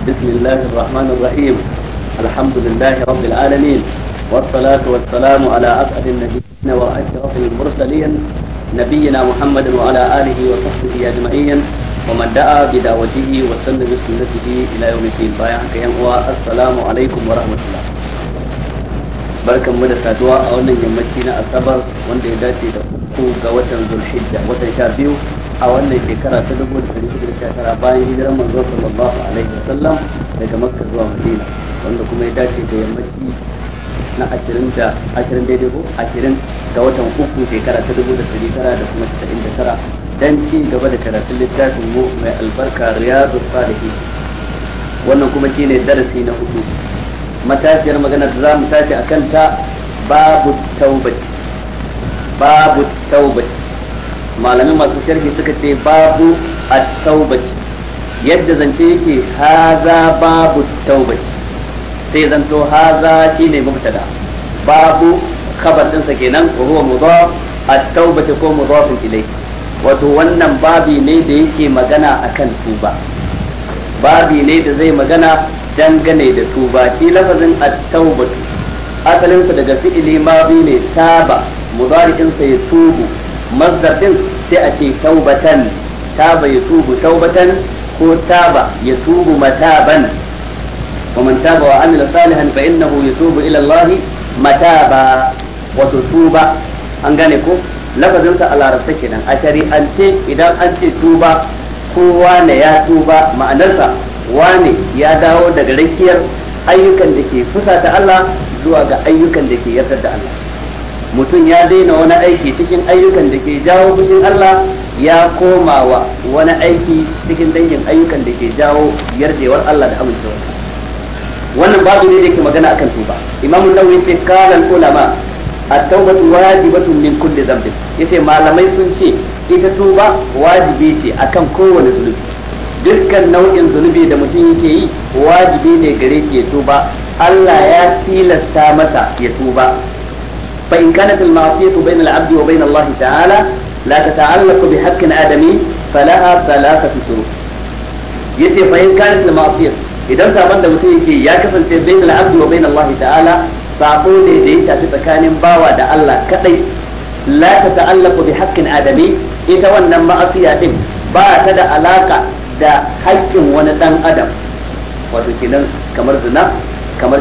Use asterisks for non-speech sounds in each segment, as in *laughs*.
بسم الله الرحمن الرحيم الحمد لله رب العالمين والصلاة والسلام على أسعد النبيين وأشرف المرسلين نبينا محمد وعلى آله وصحبه أجمعين ومن دعا بدعوته وسن بسنته إلى يوم الدين بايعك السلام عليكم ورحمة الله barkan mu da saduwa a wannan yammaci na asabar wanda ya dace da uku ga watan zulhijja watan sha biyu a wannan shekara ta dubu da dari hudu da shekara bayan hijiran manzo sallallahu alaihi wasallam daga makka zuwa madina wanda kuma ya dace da yammaci na ashirin da ashirin daidai ko ashirin ga watan uku shekara ta dubu da dari tara da kuma casa'in da tara dan ci gaba da karatun littafin mu mai albarka riyadu salihi wannan kuma ne darasi na hudu matashiyar magana da za mu tashi a ta babu taubati babu taubati malamin masu sharhi suka ce babu at-taubati yadda zance yake haza babu taubati sai zanto haza shi ne mubtada babu khabar din sa kenan ko huwa mudaf at-taubati ko mudaf ilayhi wato wannan babi ne da yake magana akan tuba babi ne da zai magana dangane da tuba shi lafazin at-taubatu asalin daga fi'ili mabi ne saba mudari'in sa ya tubu masdar din sai a ce taubatan taba yatubu taubatan ko taba yatubu mataban wa man taba wa amila salihan fa innahu yatubu ila Allah mataba wa tuba an gane ko lafazin sa a larabta kenan a shari'ance idan an ce tuba ko ya tuba ma'anarsa wane ya dawo daga rakiyar ayyukan da ke fusata Allah zuwa ga ayyukan da ke yardar da Allah mutum ya daina wani aiki cikin ayyukan da ke jawo fushin Allah ya koma wa wani aiki cikin dangin ayyukan da ke jawo yardewar Allah da amincewar wannan babu ne da ke magana akan tuba imamu nawawi ce kalan ulama at-taubatu wajibatun min kulli dhanbin yace malamai sun ce ita tuba wajibi ce akan kowane zunubi dukkan nau'in zunubi da mutum yake yi wajibi ne gare shi ya tuba Allah ya tilasta masa ya tuba فإن كانت المعصية بين العبد وبين الله تعالى لا تتعلق بحق آدمي فلها ثلاثة شروط yace fa in kanat al ma'siyah idan saban da mutum yake ya kasance bainal abdi wa bainal Allah ta'ala sabo ne da ya tsakanin bawa da Allah kadai la ta ta'allaqu bi haqqin adami ita wannan ma'asiya din ba ta da alaƙa da haƙƙin wani ɗan adam wato kenan kamar zina kamar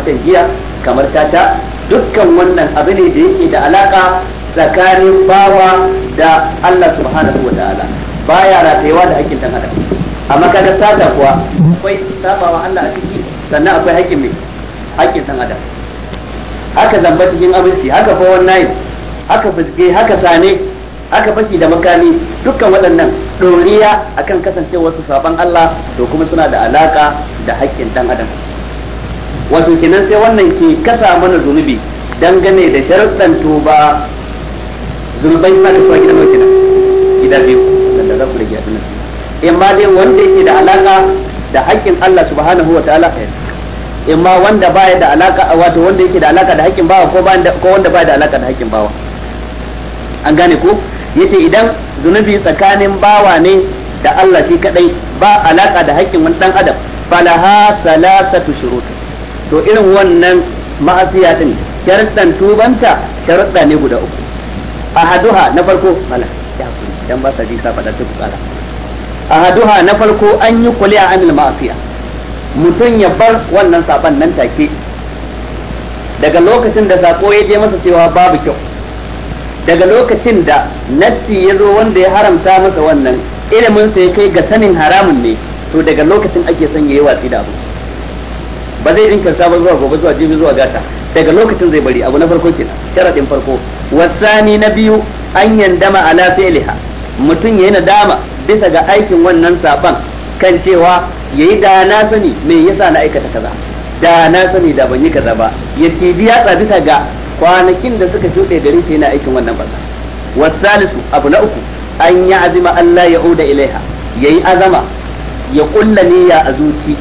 kamar tata dukkan wannan abu ne da yake da alaka tsakanin bawa da Allah subhanahu wa ta'ala baya ratayewa da hakkin dan adam amma kaga sata kuwa akwai sabawa Allah a ciki sannan akwai haƙƙin mai hakkin dan adam haka zamba cikin abinci haka fawon nayi haka fisge haka sane haka fashi da makami dukkan waɗannan ɗoriya akan kasancewar su saban Allah to kuma suna da alaka da hakkin dan adam wato kenan sai wannan ke kasa mana zunubi dangane da sharuɗan tuba zunubai da kasuwa gida nawa kenan gida biyu da za ku rage a tunan in ma dai wanda yake da alaka da haƙƙin Allah subhanahu wa ta'ala in ma wanda baya da alaka wato wanda yake da alaka da haƙƙin bawa ko ko wanda baya da alaka da haƙƙin bawa an gane ko yace idan zunubi tsakanin bawa ne da Allah shi kadai ba alaka da haƙƙin wani dan adam falaha salasatu shurutu to irin wannan ma'asiya din sharuɗan tubanta sharuɗa ne guda uku ahaduha na farko mala ya kuri dan ba sa ji ka fada duk tsara ahaduha na farko an yi kuli a anil ma'asiya mutum ya bar wannan saban nan take daga lokacin da sako ya je masa cewa babu kyau daga lokacin da nassi ya zo wanda ya haramta masa wannan ilimin sa ya kai ga sanin haramun ne to daga lokacin ake son yi watsi da abu ba zai dinka ba zuwa gobe zuwa jibi zuwa gata daga lokacin zai bari abu na farko kenan sharadin farko wasani na biyu an yandama ala fi'liha mutum yayi nadama bisa ga aikin wannan saban kan cewa yayi da na sani me yasa na aikata kaza da na sani da ban yi kaza ba ya tibi yatsa bisa ga kwanakin da suka shuɗe gare shi yana aikin wannan barna wasalisu abu na uku an ya azima Allah ya uda ilaiha yayi azama ya kulla niyya azuci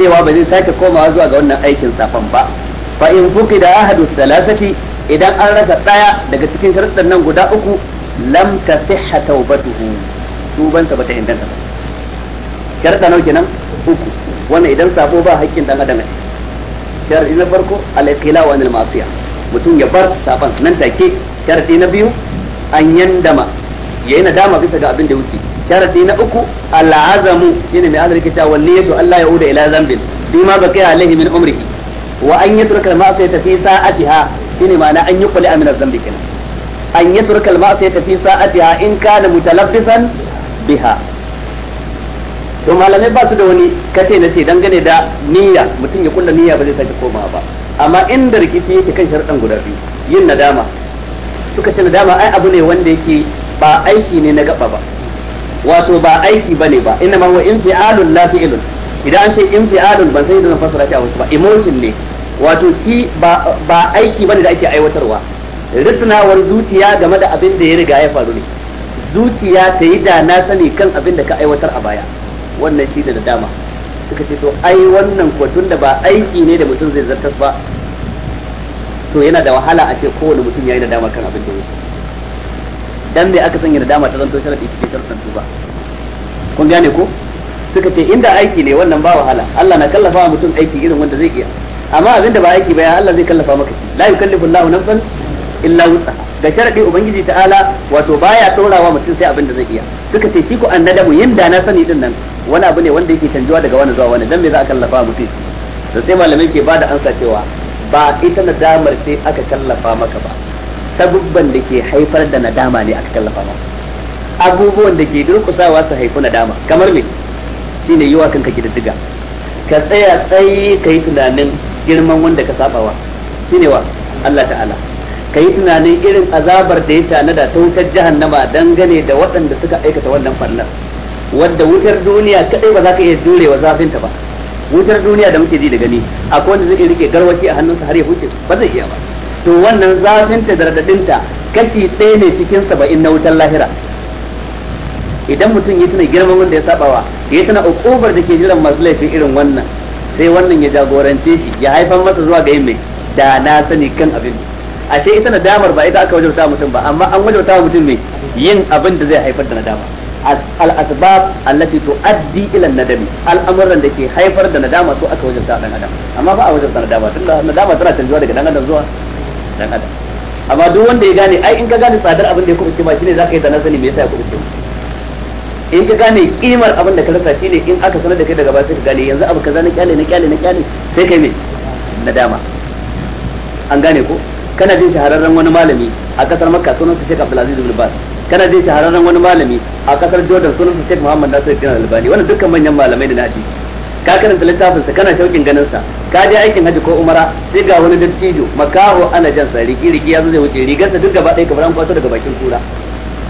cewa ba zai sake komawa zuwa ga wannan aikin safan ba fa in da ahadu salasati idan an rasa daya daga cikin sharuɗan nan guda uku lam tasihha tawbatuhu tubansa bata inganta ba sharuɗa nau kenan uku wannan idan safo ba haƙƙin dan adam ne sharadi na farko al-iqla wa anil ma'siyah mutum ya bar safan nan take sharadi na biyu an yandama yayin nadama bisa ga abin da yake sharadi na uku al'azamu shine mai ke cewa ne niyatu Allah ya uda ila bi ma baqiya alaihi min umriki wa an yatrukal al-ma'siyata fi sa'atiha shine ma'ana an yuqli amin az-zambi kenan an yatrukal al-ma'siyata fi sa'atiha in kana mutalaffisan biha to malamai ba su da wani kace na ce dangane da niyya mutum ya kulla niyya ba zai sake komawa ba amma inda rikici yake kan sharadan guda biyu yin nadama suka ce nadama ai abu ne wanda yake ba aiki ne na gaba ba wato ba aiki bane ba inna ma huwa infi'alun la fi'lun idan an ce infi'alun ban sai da fasara shi a wasu ba emotion ne wato shi ba aiki bane da ake aiwatarwa wani zuciya game da abin da ya riga ya faru ne zuciya ta yi da na sani kan abin da ka aiwatar a baya wannan shi da dama suka ce to ai wannan kwatun da ba aiki ne da mutum zai zartas ba to yana da wahala a ce kowane mutum ya yi dama kan abin da ya wuce dan bai aka sanya nadama ta zanto sharadi cikin sharuɗan ba. kun gane ko suka ce inda aiki ne wannan ba wahala Allah na kallafa mutum aiki irin wanda zai iya amma abin da ba aiki ba ya Allah zai kallafa maka shi la yukallifu Allahu nafsan illa wusaha ga sharadi ubangiji ta'ala wato baya taurawa mutum sai abin da zai iya suka ce shi ko annadamu yinda da na sani din nan wani abu ne wanda yake canjuwa daga wani zuwa wani dan me za a kallafa mutum da sai malamai ke bada ansa cewa ba ita nadamar sai aka kallafa maka ba sabubban da ke haifar da nadama ne aka tallafa ma abubuwan da ke durkusawa su haifi nadama kamar me shine yiwa kanka gidaddiga ka tsaya tsayi ka yi tunanin girman wanda ka sabawa shine wa Allah ta'ala ka yi tunanin irin azabar da ya da ta wutar jahannama dangane da waɗanda suka aikata wannan farnar wadda wutar duniya kadai ba za ka iya wa zafinta ba wutar duniya da muke ji da gani akwai wanda zai rike garwashi a hannunsa har ya huce ba zai iya ba to wannan zafinta da radadinta kashi ɗaya ne cikin saba'in na wutar lahira idan mutum ya tuna girman wanda ya sabawa ya tuna ukubar da ke jiran masu laifin irin wannan sai wannan ya jagorance shi ya haifar masa zuwa ga yin mai da na sani kan abin ce ita nadamar ba ita aka wajauta mutum ba amma an wajauta mutum mai yin abin da zai haifar da nadama al-asbab allati tuaddi ila nadami al'amuran da ke haifar da nadama su aka wajauta dan adam amma ba a wajauta nadama tunda nadama tana canjuwa daga dan adam zuwa dan adam amma duk wanda ya gane ai in ka gane tsadar abin da ya kubuce ma shine zaka yi da sani me yasa ya kubuce ma in ka gane kimar abin da ka rasa shine in aka sanar da kai daga baya sai ka gane yanzu abu kaza na kyale na kyale na kyale sai kai me nadama an gane ko kana jin shahararren wani malami a kasar makka sunan sa Sheikh Abdulaziz bin Baz kana jin shahararren wani malami a kasar Jordan sunan sa Sheikh Muhammad Nasir bin Albani wannan dukkan manyan malamai ne na hadisi ka karanta littafin sa kana shaukin ganin sa ka je aikin haji ko umara sai ga wani dattijo makaho ana jan sa riki riki zo zai wuce rigarsa duk gaba ɗaya kamar an kwato daga bakin kura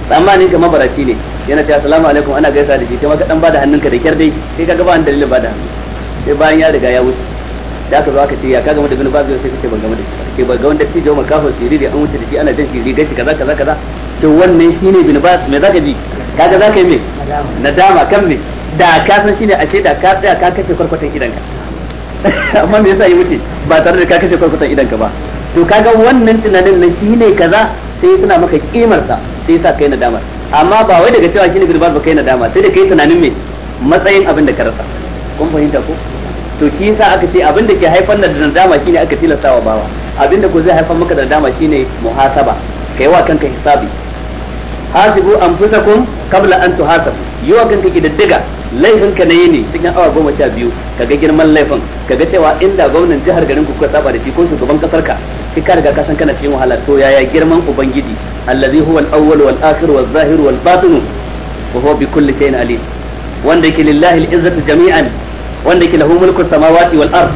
tsammanin ka mabaraci ne yana ta assalamu alaikum ana gaisa da shi kuma ka dan bada hannunka da kyar dai sai ka gaba ba dalilin bada hannu sai bayan ya riga ya wuce da aka zo aka ce ya ka gama da ba zai sai kace ban gama da shi ke ba ga wanda jawo makaho siriri an wuce da shi ana jan shi rigar shi kaza kaza kaza to wannan shine bin baz me zaka ji kaga zaka yi me nadama kan me da ka san shine ce da ka tsaya ka kashe kwarkwatan ka *laughs* amma me yasa ya wuce ba tare da ka kashe kwarkwatan ka ba to kaga wannan tunanin nan shine kaza sai suna maka kimar sa sai yasa kai nadama amma ba wai daga cewa shine gurbar ba kai nadama sai da kai tunanin me matsayin abin da ka rasa kun fahimta ko to shi yasa aka ce abin da ke haifar da nadama shine aka tilasta wa bawa abin da ko zai haifar maka da nadama shine muhasaba kai wa kanka hisabi hasibu anfusakum qabla an tuhasab yi wa kanka ki laifin ka nayi ne cikin awa goma sha biyu kaga girman laifin kaga cewa inda gwamnan jihar garin ku kuka saba da shi ko shugaban kasar ka ki ka riga ka san kana cikin wahala to yaya girman ubangiji allazi huwa al-awwal wal akhir wal zahir wal batin wa huwa bi kulli shay'in alim wanda yake lillahi al-izzatu jami'an wanda yake lahu mulku samawati wal ard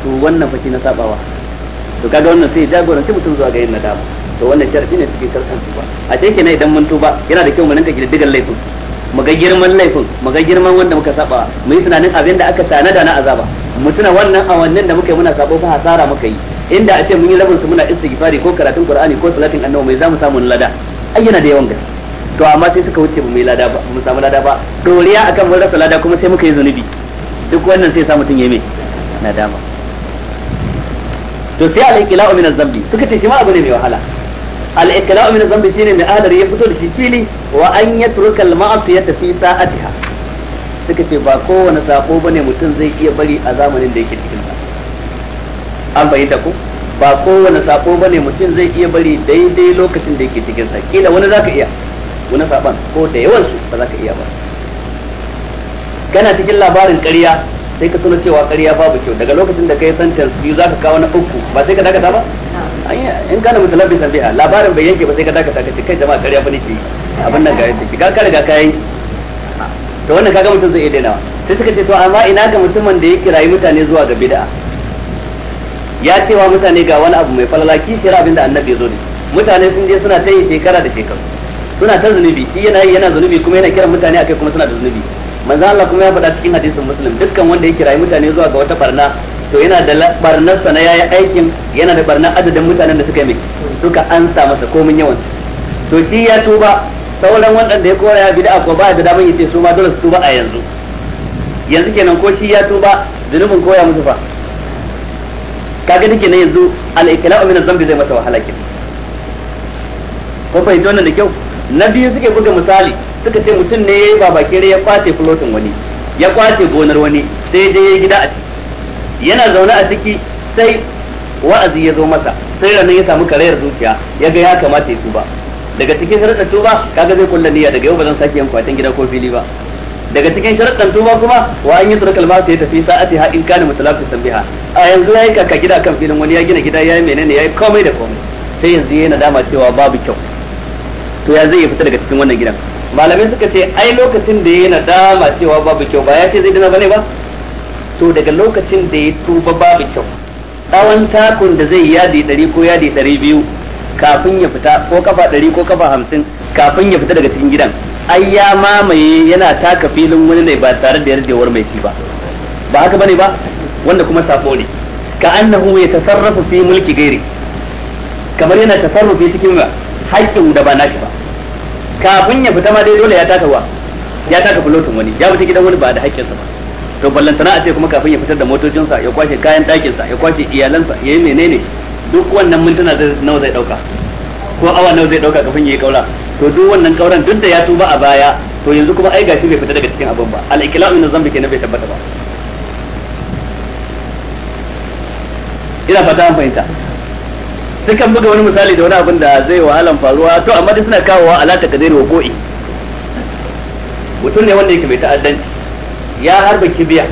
to wannan fa na sabawa to kaga wannan sai jagoranci mutum zuwa ga yin nadama to wannan sharadi ne cikin shartan tuba a ce kenan idan mun tuba yana da kyau mu rinka girdigan laifin mu ga girman laifin mu ga girman wanda muka saba mu yi tunanin abin da aka tanada na azaba mu tuna wannan awannin da muka yi muna sabo fa hasara muka yi inda a ce mun yi rabin su muna istighfari ko karatun qur'ani ko salatin annabi mai zamu samu lada ai yana da yawan gaske to amma sai suka wuce mu yi lada ba mu samu lada ba doriya akan mun rasa lada kuma sai muka yi zunubi duk wannan sai sa mutun ya me nadama to sai kila min az-zambi suka ce shi ma abu ne mai wahala al-ikra'u min dhanbi shine da adar ya fito da shi fili wa an yatruka al-ma'siyata fi sa'atiha suka ce ba kowane sako bane mutum zai iya bari a zamanin da yake cikin sa an bayyana ko ba kowane sako bane mutum zai iya bari daidai lokacin da yake cikin sa kila wani zaka iya wani saban ko da yawan su ba zaka iya ba kana cikin labarin ƙarya sai ka sanar cewa ƙarya babu kyau daga lokacin da kai sentence biyu ka kawo na uku ba sai ka dakata ba in kana labin san biha labarin bai yanke ba sai ka dakata ka ce kai jama'a ƙarya ba nake abin nan ga yadda ki ka riga ka yanke to wannan kaga mutum zai iya dainawa sai suka ce to amma ina ga mutumin da ya kirayi mutane zuwa ga bid'a ya cewa mutane ga wani abu mai falala kishiyar abin da annabi ya zo ne mutane sun je suna ta yin shekara da shekaru suna ta zunubi shi yana yana zunubi kuma yana kiran mutane akai kuma suna da zunubi manzo Allah kuma ya faɗa cikin hadisin muslim dukkan wanda ya kirayi mutane zuwa ga wata barna to yana da barnar sa na yayi aikin yana da barnar adadin mutanen da suka yi suka ansa masa komin yawan to shi ya tuba sauran waɗanda ya kora ya bid'a ko ba da daman yace su ma dole su tuba a yanzu yanzu kenan ko shi ya tuba zunubin koya musu fa kaga dake na yanzu al-ikla'u min zambi zai masa wahala kenan ko fahimta wannan da kyau na biyu suke buga misali suka ce mutum ne yayi babakere ya kwace fulotin wani ya kwace gonar wani sai dai ya gida a ciki yana zaune a ciki sai wa'azi ya zo masa sai ranar ya samu karayar zuciya ya ga ya kamata ya tuba daga cikin sharaɗar tuba kaga zai kulla niyya daga yau ba zan sake yin kwatin gida ko fili ba daga cikin sharaɗar tuba kuma wa an yi turakal ma sai tafi sa'ati ha in kana mutalafis sanbiha a yanzu yayi kaka gida kan filin wani ya gina gida yayi menene yayi komai da komai sai yanzu yana dama cewa babu kyau to ya zai fita daga cikin wannan gidan malamai suka ce ai lokacin da ya dama cewa babu kyau ba ya ce zai dana bane ba to daga lokacin da ya tuba babu kyau tsawon takun da zai yadi ɗari ko yadi ɗari biyu kafin ya fita ko kafa ɗari ko kafa hamsin kafin ya fita daga cikin gidan ai ya mamaye yana taka filin wani ne ba tare da yarjewar mai shi ba ba haka bane ba wanda kuma sako ne ka annahu ya tasarrafu fi mulki gairi kamar yana tasarrufi cikin haƙƙin da ba nashi ba kafin ya fita ma dai dole ya taka wa ya taka fulotin wani ya fita gidan wani ba da sa ba to ballantana a ce kuma kafin ya fitar da motocinsa ya kwashe kayan sa ya kwashe iyalansa ya yi menene duk wannan mintuna nawa zai ɗauka ko awa nawa zai ɗauka kafin ya yi ƙaura to duk wannan kauran duk da ya tuba a baya to yanzu kuma ai gashi bai fita daga cikin abin ba al-iqla'u min zambi kenan bai tabbata ba ina fata an fahimta sukan buga wani misali da wani abin da zai wahalan faruwa to amma dai suna kawowa alaka ka wa ko'i mutum ne wanda yake mai ta'addanci ya harba kibiya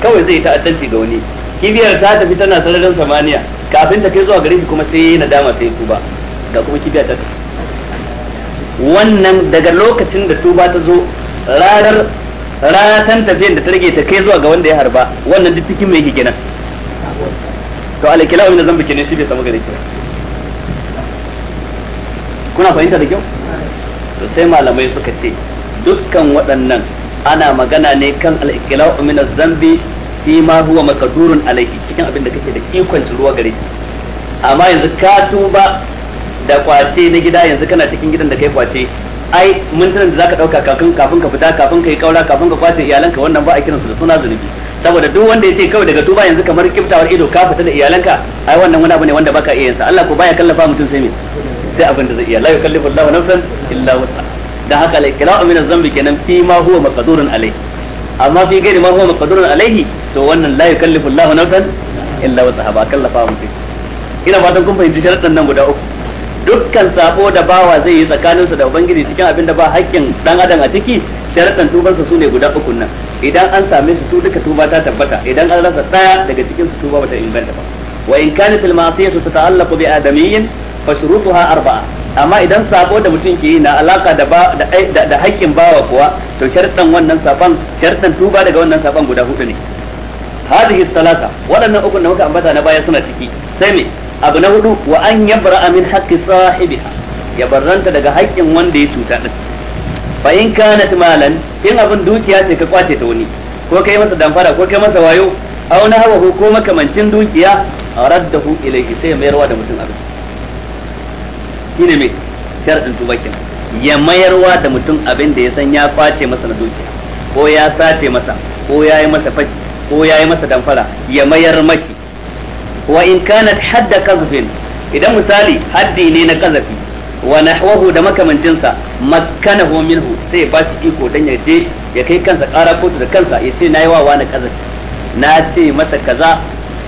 kawai zai ta'addanci ga wani kibiyar ta tafi tana sararin samaniya kafin ta kai zuwa gare shi kuma sai na dama sai tuba ga kuma kibiya ta tafi wannan daga lokacin da tuba ta zo ranar ratan tafiyar da ta rage ta kai zuwa ga wanda ya harba wannan duk cikin mai gina. to alkila wanda zan bike shi bai samu gare ki kuna fahimta da kyau to sai malamai suka ce dukkan waɗannan ana magana ne kan alkila min zambi fi ma huwa makadurun alaiki cikin abin da kake da ikon ruwa gare ki amma yanzu ka tuba da kwace na gida yanzu kana cikin gidan da kai kwace ai mintunan da zaka dauka kafin kafin ka fita kafin ka yi kaura kafin ka kwace iyalanka wannan ba a kiransu da suna zunubi saboda duk wanda ya ce kawai daga tuba yanzu kamar kiftawar ido ka fita da iyalanka ai wannan wani abu ne wanda baka iya yansa Allah ko baya kallafa mutum sai me sai abin da zai iya la yukallifu Allahu nafsan illa wus'aha da haka al-iqra'u min az-zambi kenan fi ma huwa maqdurun alayhi amma fi gairi ma huwa maqdurun alayhi to wannan la yukallifu Allahu nafsan illa wus'aha ba kallafa mutum ina fatan kun fahimci sharaɗin nan guda uku dukkan sabo da bawa zai yi tsakaninsa da ubangiji cikin abin da ba haƙƙin dan adam a ciki sharatan tubansa sune guda uku nan idan an same su duka tuba ta tabbata idan an rasa daya daga cikin su tuba bata inganta ba wa in kanat al ma'siyatu tata'allaqu bi adamiyyin fa shurutuha arba'a amma idan sabo da mutum ke yi na alaka da ba da da haƙƙin bawa kuwa to sharatan wannan saban sharatan tuba daga wannan saban guda hudu ne hadhihi salata waɗannan uku da muka ambata na baya suna ciki sai me abu na hudu wa an yabra min haqqi sahibiha ya barranta daga haƙƙin wanda ya cuta din fa in kanat malan in abin dukiya ce ka kwace ta wani ko kai masa damfara ko kai masa wayo aw na hawa ko makamancin dukiya raddahu ilayhi sai mayarwa da mutum abin shine me sharadin tubakin ya mayarwa da mutum abin da ya san ya kwace masa na dukiya ko ya sace masa ko ya yi masa fashi ko ya yi masa damfara ya mayar maki wa in hadda qazfin idan misali haddi ne na kazafi wa nahwahu da makamancinsa makkanahu minhu sai ba shi iko ya kai kansa ƙara kotu da kansa ya ce nayi wawa na kazafi na masa kaza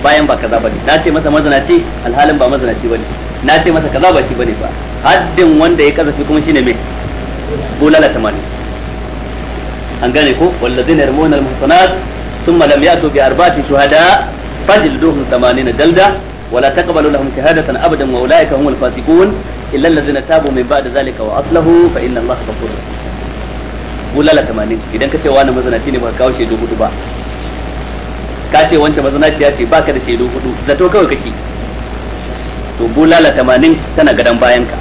bayan ba kaza bane na ce masa mazanaci alhalin ba mazanaci bane na ce masa kaza ba shi bane ba haddin wanda ya kazafi kuma shine me bulala tamanin an gane ko wallazina yarmuna almuhsanat thumma lam ya'tu bi arba'ati shuhada fajilduhum ثمانين جلدة ولا تقبلوا لهم شهادة أبدا وأولئك هم الفاسقون إلا الذين تابوا من بعد ذلك وأصلحوا فإن الله غفور bulala tamanin idan ka ce wani mazanaci ne baka kawo shaidu hudu ba ka ce wancan mazanaci ya ce baka da shaidu hudu zato kawai kake to bulala 80 tana gadan bayanka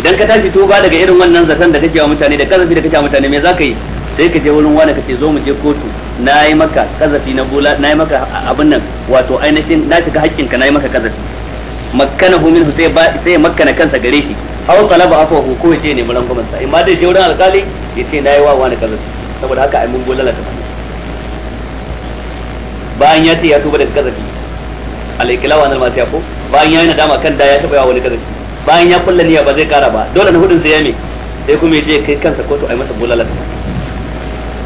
idan ka tashi tuba daga irin wannan zaton da kake wa mutane da kasafi da kake wa mutane me za yi sai ka je wurin wani ka ce zo mu je kotu na yi maka kazafi na bula na yi maka abin nan wato ainihin na shiga haƙƙinka na yi maka kazafi hu minhu sai ba sai makkana kansa gare shi aw talaba hu ko ce ne mulan gwamnati amma dai je wurin alƙali ya ce na yi wa wani kazafi saboda haka ai mun bulala ta bayan ya ce ya tuba daga kazafi alaikilawa nan ma ta ko bayan ya yi nadama kan da ya taɓa yawa wani kazafi bayan ya kulla niyya ba zai kara ba dole na hudun sai ya ne sai kuma ya je kai kansa kotu ai masa bulala ta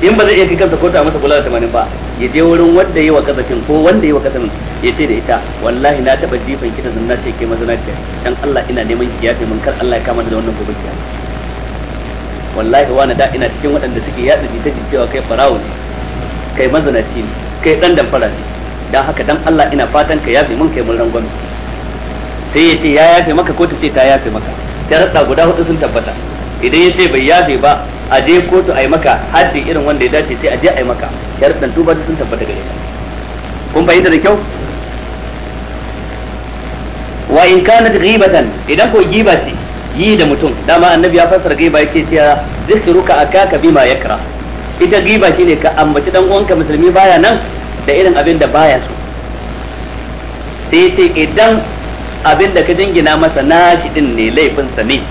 in ba zai iya kai ko ta masa kula da tamanin ba ya je wurin wanda yi wa kasafin ko wanda yi wa kasafin ya ce da ita wallahi na taba jifan kita na ce ke mazana ce dan Allah ina neman kiyaye mun kar Allah ya kama da wannan gobe kiyama wallahi na da ina cikin waɗanda suke yatsa jita cewa kai farawo ne kai mazanaci ne kai dan damfara ne dan haka dan Allah ina fatan ka yafe mun kai mun rangwame sai ya ce ya yafe maka ko ta ce ta yafe maka ta rasa guda hudu sun tabbata idan ya ce bai yafe ba a je kotu a yi maka haddi irin wanda ya dace sai a je a yi maka sharuɗan tuba sun tabbata gare ka kun bayyana da kyau wa in kanat ghibatan idan ko giba ce yi da mutum dama annabi ya fassara giba yake cewa zikruka akaka bima yakra ita giba shine ka ambaci dan uwanka musulmi baya nan da irin abin da baya so sai ce idan abin da ka jingina masa nashi din ne laifin sa ne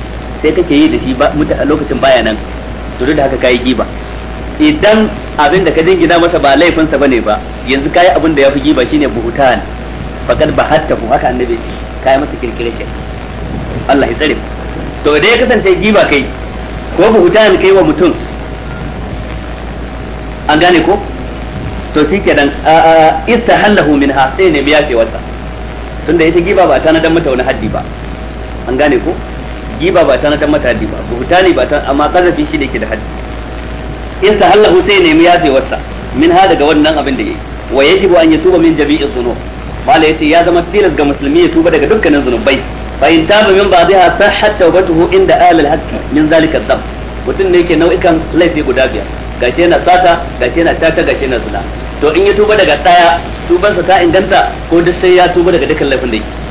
sai kake yi da shi a lokacin baya nan to duk da haka kai giba idan abin da ka jingina masa ba laifinsa bane ba yanzu kai abin da yafi giba shine buhutan ba hatta ku haka annabi ce kai masa kirkire ke Allah ya tsare to da ya kasance giba kai ko buhutan kai wa mutum an gane ko to shi kenan istahallahu minha sai ne biya ce wata tunda ita giba ba ta na dan mata wani haddi ba an gane ko giba ba ta na mata haddi ba buhtani ba ta amma kazafi shi ne ke da haddi in ta hallahu sai nemi yafewarsa min ha daga wannan abin da yayi wa bu an tuba min jami'in dhunub mala yace ya zama tilas ga musulmi ya tuba daga dukkanin zunubai fa in taba min ta hatta tawbatuhu inda alal al min zalika dhab mutum ne yake nau'ikan laifi guda biyar gashi yana sata gashi yana tata gashi yana zina to in ya tuba daga daya tubansa ta inganta ko duk sai ya tuba daga dukkan laifin da yake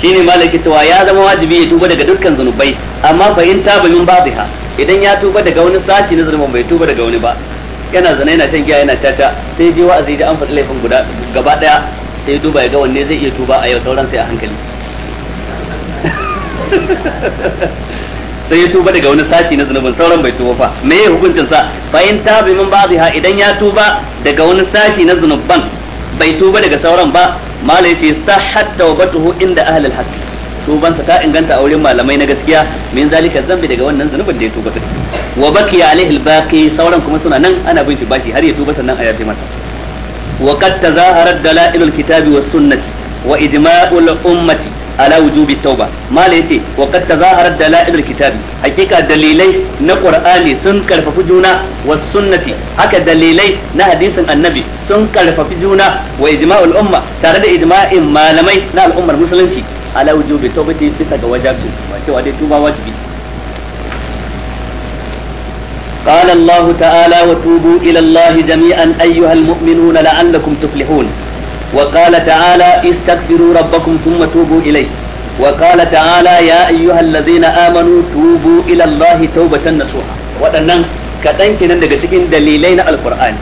shine malaki cewa ya zama wajibi ya tuba daga dukkan zunubai, amma fahimta in taba min babiha idan ya tuba daga wani sashi na zunuban bai tuba daga wani ba yana zana yana shan giya yana caca sai je wa azizi an faɗi laifin guda gaba daya sai duba ya ga wanne zai iya tuba a yau sauran sai a hankali *laughs* sai ya tuba daga wani sashi na zunubin sauran bai tuba fa me ya hukuncin sa fa in taba min ba idan ya tuba daga wani sashi na zunuban. bai tuba daga sauran ba ce sa hatta wa batuhu inda ahli al tuban tubansa ta inganta a wurin malamai na gaskiya min zalika zambi daga wannan zanubin da ya tuba din wa baki alaihi albaqi sauran kuma suna nan ana bin shi bashi har ya tuba sannan a yafe masa wa qad tazaharat dalailul kitabi was sunnati wa ijma'ul ummati ala wujubi tauba mala yace wa qad tazaharat dalail alkitabi hakika dalilai na qur'ani sun karfafi juna was sunnati haka dalilai na hadisin annabi sun karfafi juna wa ijma'ul umma tare da ijma'in malamai na al'ummar musulunci ala wujubi taubati bisa ga wajibi cewa dai tuba قال الله تعالى وتوبوا إلى الله جميعا أيها المؤمنون لعلكم تفلحون وقال تعالى استغفروا ربكم ثم توبوا إليه وقال تعالى يا أيها الذين amanu توبوا إلى الله توبة نصوحا waɗannan kaɗan kenan daga cikin dalilai na alkur'ani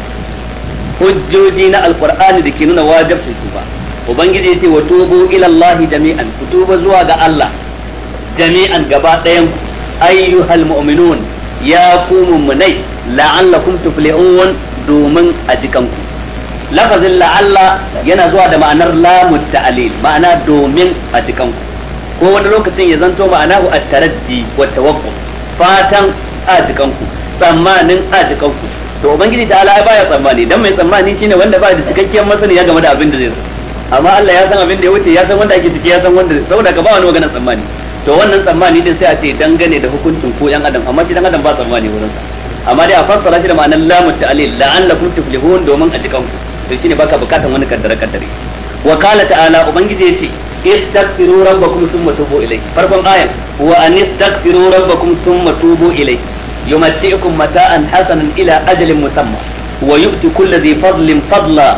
hujjoji na alkur'ani da ke nuna wajabcin tuba ubangiji ce wa tubu ila jami'an ku tuba zuwa ga Allah jami'an gaba ɗayan ayyuhal mu'minun ya ku mummunai la'allakum tuflihun domin a jikanku lafazin la'alla yana zuwa da ma'anar lamu ta'alil ma'ana domin a jikanku ko wani lokacin ya zanto ma'anahu at-taraddi wa tawakkul fatan a jikanku tsammanin a jikanku to ubangiji ta'ala baya tsammani dan mai tsammani shine wanda ba da cikakken masaniya game da abin da zai amma Allah ya san abin da ya wuce ya san wanda ake ciki ya san wanda saboda ka ba wani magana tsammani to wannan tsammani din sai a ce dangane da hukuncin ko yan adam amma shi dan adam ba tsammani wurin sa amma dai a fassara shi da ma'anar lamu ta'alil kuntu tuflihun domin a jikanku to shine baka bukatan wani kaddare kaddare wa qala ta'ala ubangiji yace istaghfiru rabbakum thumma tubu ilayhi farkon ayan wa anistaghfiru rabbakum thumma tubu ilayhi يمتعكم متاعا Wa إلى أجل مسمى ويؤتي كل ذي فضل فضلا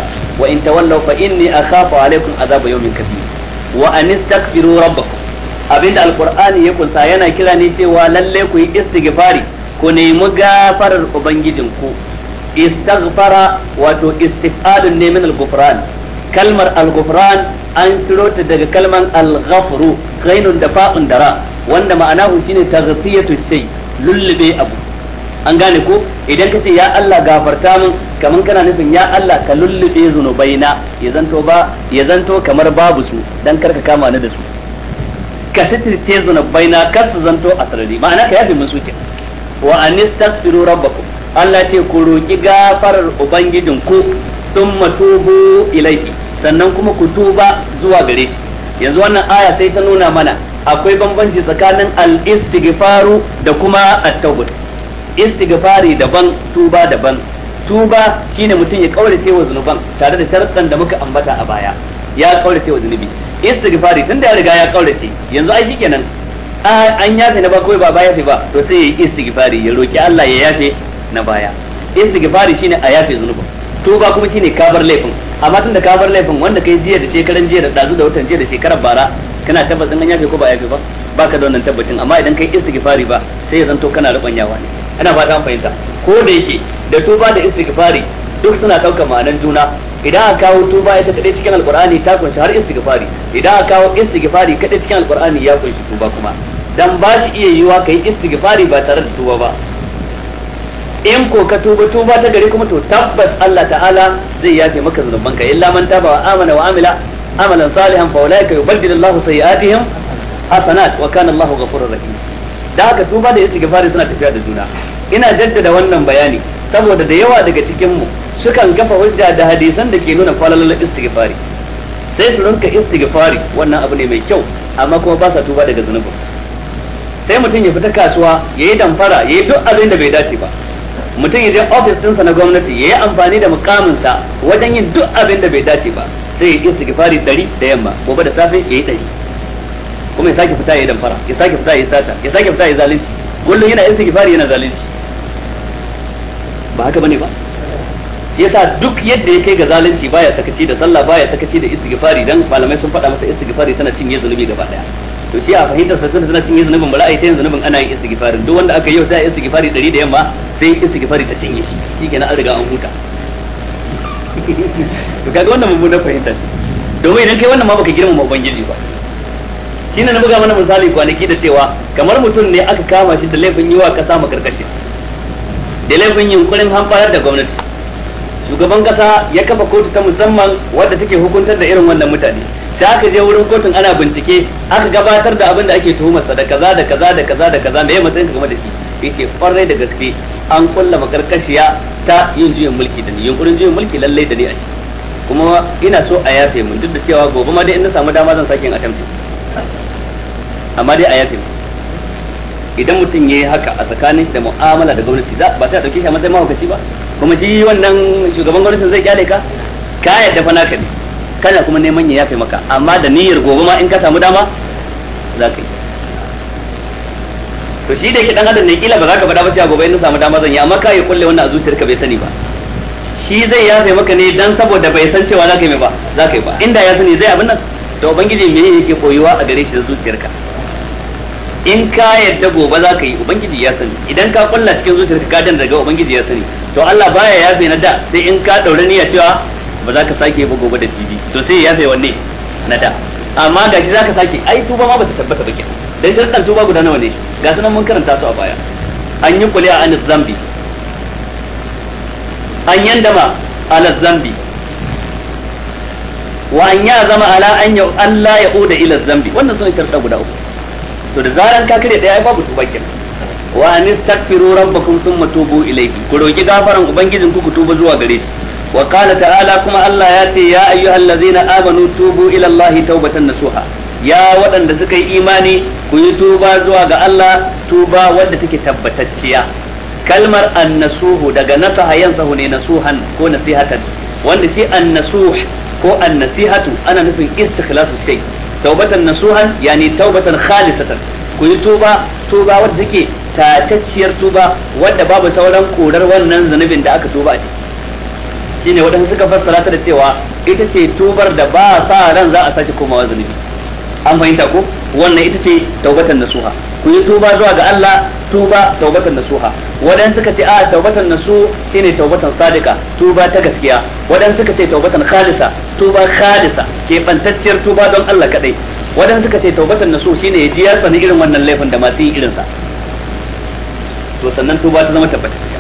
وإن تولوا فإني أخاف عليكم عذاب يوم Wa وأن استغفروا ربكم abinda alqur'ani ya kunsa yana kira ne cewa lalle ku yi istighfari ku nemi gafarar ubangijinku istaghfara wato istifalun ne min al-ghufran kalmar al-ghufran an ciro ta daga kalman al-ghafru ghainun da fa'un dara wanda ma'anahu shine taghfiyatu shay lullube abu an gane ko idan kace ya Allah gafarta min kaman kana nufin ya Allah ka lullube zunubaina ya zanto ba ya zanto kamar babu su dan karka kama ni da su ka sitirce zunubaina kar su zanto asrari ma'ana ka yafe min su ke wa anistaghfiru rabbakum Allah ce ku roƙi gafarar ubangijin ku sun tubu ilaiki sannan kuma ku tuba zuwa gare shi yanzu wannan aya sai ta nuna mana akwai bambanci tsakanin al-istighfaru da kuma at-tawbah istighfari daban tuba daban tuba shine mutum ya kaurace wa zunuban tare da sharuɗan da muka ambata a baya ya kaurace wa zunubi istighfari tunda ya riga ya kaurace yanzu ai shikenan ah, an yafe na ba kawai ba ba yafe ba to sai ya yi istighfari ya roki Allah ya yafe na baya istighfari shine a yafe zunubin tuba kuma shine kabar laifin amma tunda kabar laifin wanda kai jiya da shekaran jiya da dazu da watan jiya da shekarar bara kana tabbacin an yafe ko ba yafe ba baka da wannan tabbacin amma idan kai istighfari ba sai ya zanto kana rubanyawa ne ana fata an fahimta ko da yake da tuba da istighfari duk suna ɗaukar ma'anan juna idan aka kawo tuba ita kadai cikin alqur'ani ta kunshi har istighfari idan aka kawo istighfari kadai cikin alqur'ani ya kunshi tuba kuma dan ba shi iya yiwa kai istighfari ba tare da tuba ba in ko ka tuba tuba ta gari kuma to tabbas Allah ta'ala zai yafe maka zunuban ka illa man taba wa amana wa amila amalan salihan fa ulaika yubaddilu Allahu sayi'atihim hasanat wa kana Allahu ghafurur rahim da haka tuba da istighfari suna tafiya da juna ina jaddada wannan bayani saboda da yawa daga cikin mu sukan kafa hujja da hadisan da ke nuna falalar istighfari sai su rinka istighfari wannan abu ne mai kyau amma kuma ba sa tuba daga zunubin sai mutum ya fita kasuwa ya yi damfara ya yi duk abin da bai dace ba mutum ya je ofis dinsa na gwamnati ya yi amfani da mukaminsa wajen yin duk abin da bai dace ba sai ya fari dari da yamma gobe da safe ya yi dari kuma ya sake fita ya damfara ya sake fita ya sata ya sake fita ya zalunci kullum yana istighfari yana zalunci ba haka bane ba yasa duk yadda ya kai ga zalunci baya sakaci da sallah baya sakaci da istighfari dan malamai sun faɗa masa istighfari tana cinye zunubi gaba daya to shi a fahimtar sa tunda suna cinye zunubin ba ra'ayi ta yin zunubin ana yin istighfari duk wanda aka yi yau sai istighfari 100 da yamma sai istighfari ta cinye shi shikenan an riga an huta *laughs* to kaga wannan mummunar fahimtar domin idan kai wannan ma baka ma ubangiji ba shine na buga mana misali kwanaki da cewa kamar mutum ne aka kama shi da laifin yiwa ka sama karkashin. da laifin yunkurin hamfarar da gwamnati shugaban kasa ya kafa kotu ta musamman wadda take hukuntar da irin wannan mutane da aka je wurin kotun ana bincike aka gabatar da abin da ake tuhumar sa da kaza da kaza da kaza da kaza me matsayin ka game da shi yake kwarai da gaske an kulla makarkashiya ta yin juyin mulki da ni yunkurin juyin mulki lallai da ni a kuma ina so a yafe mun duk da cewa gobe ma dai in na samu dama zan sake yin attempt amma dai a yafe mun idan mutum ya yi haka a tsakanin shi da mu'amala da gwamnati za ba sai a dauke shi a matsayin mahaukaci ba kuma shi wannan shugaban gwamnatin zai kyale ka ka yadda fa naka ne kana kuma neman ya yafe maka amma da niyyar gobe ma in ka samu dama za ka yi to shi da yake dan adam ne kila ba za ka faɗa ba cewa gobe in samu dama zan yi amma ka yi kulle wannan a zuciyarka bai sani ba shi zai yafe maka ne dan saboda bai san cewa za ka yi ba za ka yi ba inda ya sani zai abin nan to ubangiji me yake koyuwa a gare shi da ka in ka yadda gobe za ka yi ubangiji ya sani idan ka kulla cikin zuciyar ka dan daga ubangiji ya sani to Allah baya yafe na da sai in ka daure niyya cewa ba za ka sake ba gobe da TV to sai ya sai wanne na da amma ga shi za ka sake ai tuba ma ba ta tabbata ba kenan dan sharɗan tuba guda nawa ne ga sunan mun karanta su a baya an yi kuliya an zambi an ma ala zambi wa an ya zama ala an ya Allah ya oda ila zambi wannan sunan karɗa guda uku to da zaran ka kare daya babu tuba ke wa anistaghfiru rabbakum thumma tubu ilayhi ku roki gafaran ubangijinku ku ku tuba zuwa gare shi wa ta'ala kuma Allah ya ce ya ayyuhallazina amanu tubu ila Allah taubatan nasuha ya waɗanda suka yi imani ku yi tuba zuwa ga Allah tuba wadda take tabbatacciya kalmar annasuhu daga nasaha yansa ne nasuhan ko nasihatan wanda shi annasuh ko annasihatu ana nufin istikhlasu sai taubatan nasuhan yani taubatan khalisatan ku yi tuba tuba wadda take tatacciyar tuba wadda babu sauran korar wannan zunubin da aka tuba a ciki shine waɗansu suka fassara ta da cewa ita ce tubar da ba sa ran za a sake komawa zunubi an fahimta ko wannan ita ce taubatan nasuha ku yi tuba zuwa ga Allah tuba taubatan nasuha wadan suka ce a taubatan nasu shine taubatan sadika tuba ta gaskiya wadan suka ce taubatan khalisa tuba khalisa ke bantacciyar tuba don Allah kadai wadan suka ce taubatan nasu shine ya jiyar sanin irin wannan laifin da masu yin irinsa to sannan tuba ta zama tabbata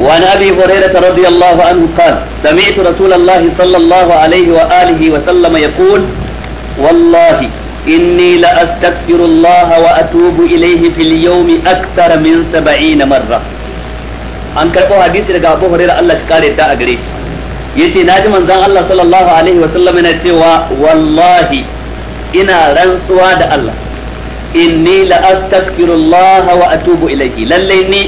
وعن ابي هريره رضي الله عنه قال سمعت رسول الله صلى الله عليه واله وسلم يقول والله اني لاستغفر الله واتوب اليه في اليوم اكثر من سبعين مره an karɓo hadisi daga abu hurairah Allah shi kare ta a gare shi yace naji manzon Allah sallallahu alaihi wa sallam yana cewa wallahi ina rantsuwa da Allah inni la astaghfirullah wa atubu ilayhi lalle ni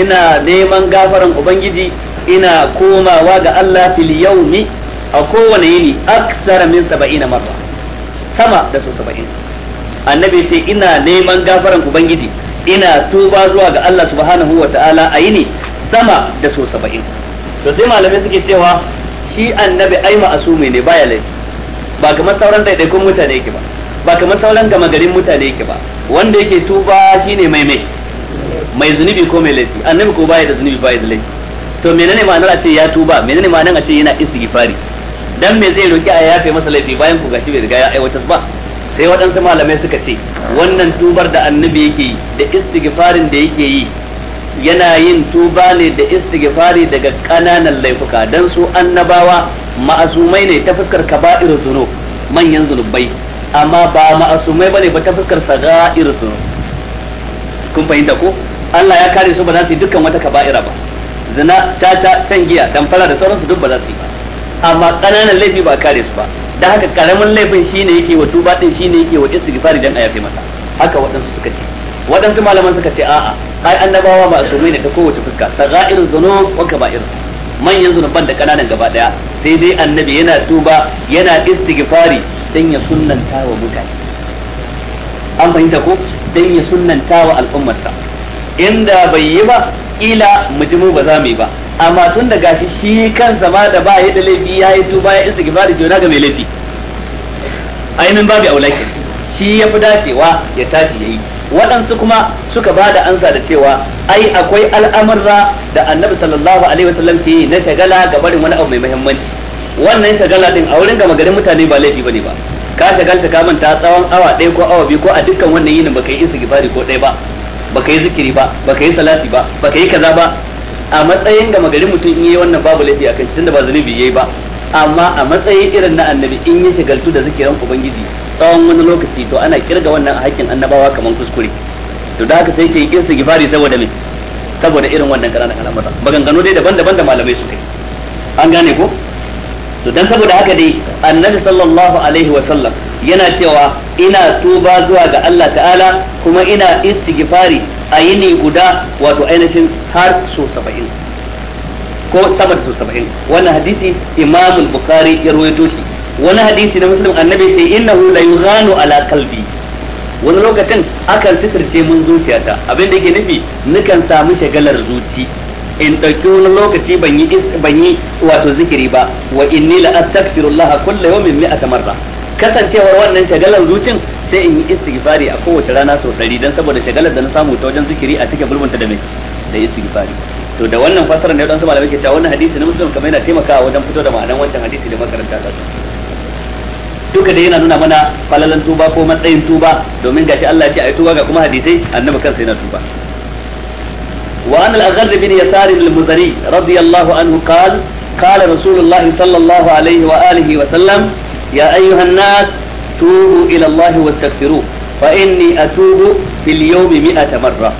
ina neman gafaran ubangiji ina komawa ga Allah fil yawmi a kowane yini aksara min 70 marra sama da su 70 annabi ce ina neman gafaran ubangiji ina tuba zuwa ga Allah subhanahu wa ta'ala a yini sama da su 70 to sai malamai suke cewa shi annabi ai ma'asumi ne baya laifi ba kamar sauran daidaikun mutane yake ba ba kamar sauran gama garin mutane yake ba wanda yake tuba shine mai mai mai zunubi ko mai laifi annabi ko baya da zunubi baya da laifi to menene ma'anar a ce ya tuba menene ma'anar a ce yana istighfari dan me zai roki a yafe masa laifi bayan ku gashi bai riga ya aiwatar ba sai waɗansu malamai suka ce wannan tubar da annabi yake yi da istighfarin da yake yi yana yin tuba ne da istighfari daga kananan laifuka dan su annabawa ma'asumai ne ta fuskar kaba'ir zuno manyan zunubai amma ba ma'asumai bane ba ta fuskar saga'ir zuno kun fahimta ko Allah ya kare su ba za su yi dukkan wata kaba'ira ba zina tata san giya damfara da sauransu duk ba za su yi ba amma ƙananan laifi ba kare su ba da haka karamin laifin shine yake wa tuba din shine yake wa istighfar idan a yafe masa haka waɗansu suka ce waɗansu malaman suka ce a'a ai annabawa ba su ne ta kowace fuska sagairu zunub wa kaba'ir manyan zunuban da kananan gaba daya sai dai annabi yana tuba yana istighfari dan ya sunnanta wa mutane an fahimta ko dan ya sunnanta wa al'ummarsa inda bai yi ba ila mu ba za mu yi ba amma tun da gashi shi kansa ma da ba ya da laifi ya yi tuba ya isa istighfar jona ga mai laifi ainihin babu aulaki shi ya fi dacewa ya tashi yi. waɗansu kuma suka ba da ansa da cewa ai akwai al'amurra da annabi sallallahu alaihi wasallam ke yi na shagala ga barin wani abu mai muhimmanci wannan shagala din a wurin gama garin mutane ba laifi bane ba ka shagalta ka manta tsawon awa ɗaya ko awa biyu ko a dukkan wannan yinin baka yi istighfari ko ɗaya ba baka yi zikiri ba baka yi salati ba baka yi kaza ba a matsayin ga magari mutum in yi wannan babu laifi akan tunda ba zunubi yayi ba amma a matsayin irin na annabi in yi shagaltu da zikiran ubangiji tsawon wani lokaci to ana kirga wannan a hakkin annabawa kamar kuskure to da haka sai ke yi kirsa gifari saboda me saboda irin wannan ƙananan al'amura maganganu dai daban-daban da malamai su kai an gane ko to dan saboda haka dai annabi sallallahu alaihi wa sallam yana cewa ina tuba zuwa ga Allah ta'ala kuma ina istighfari a yini guda wato ainihin har so 70 ko sama da so 70 wannan hadisi Imam Bukhari ya rawaito shi wani hadisi na Muslim annabi sai innahu la yughanu ala qalbi wani lokacin akan sitirce mun zuciyata abin da yake nufi nukan samu shagalar zuci in ɗauki wani lokaci ban yi wato zikiri ba wa inni la astaghfirullah kullu yawmin mi'ata marra kasancewar wannan shagalan zucin sai in yi istighfari a kowace rana sau ɗari dan saboda shagalar da na samu ta wajen zikiri a cikin bulbunta da mai da istighfari to da wannan fasara ne dan malamai ke cewa wannan hadisi na musulmi kamar yana taimakawa wajen fito da ma'anan wancan hadisi da makaranta ta duka da yana nuna mana falalan tuba ko matsayin tuba domin gashi Allah ya ce ayi tuba ga kuma hadisai annabi kansa yana tuba وعن الأغر بن يسار المزني رضي الله عنه قال قال رسول الله صلى الله عليه وآله وسلم يا أيها الناس توبوا إلى الله واستغفروه فإني أتوب في اليوم مئة مرة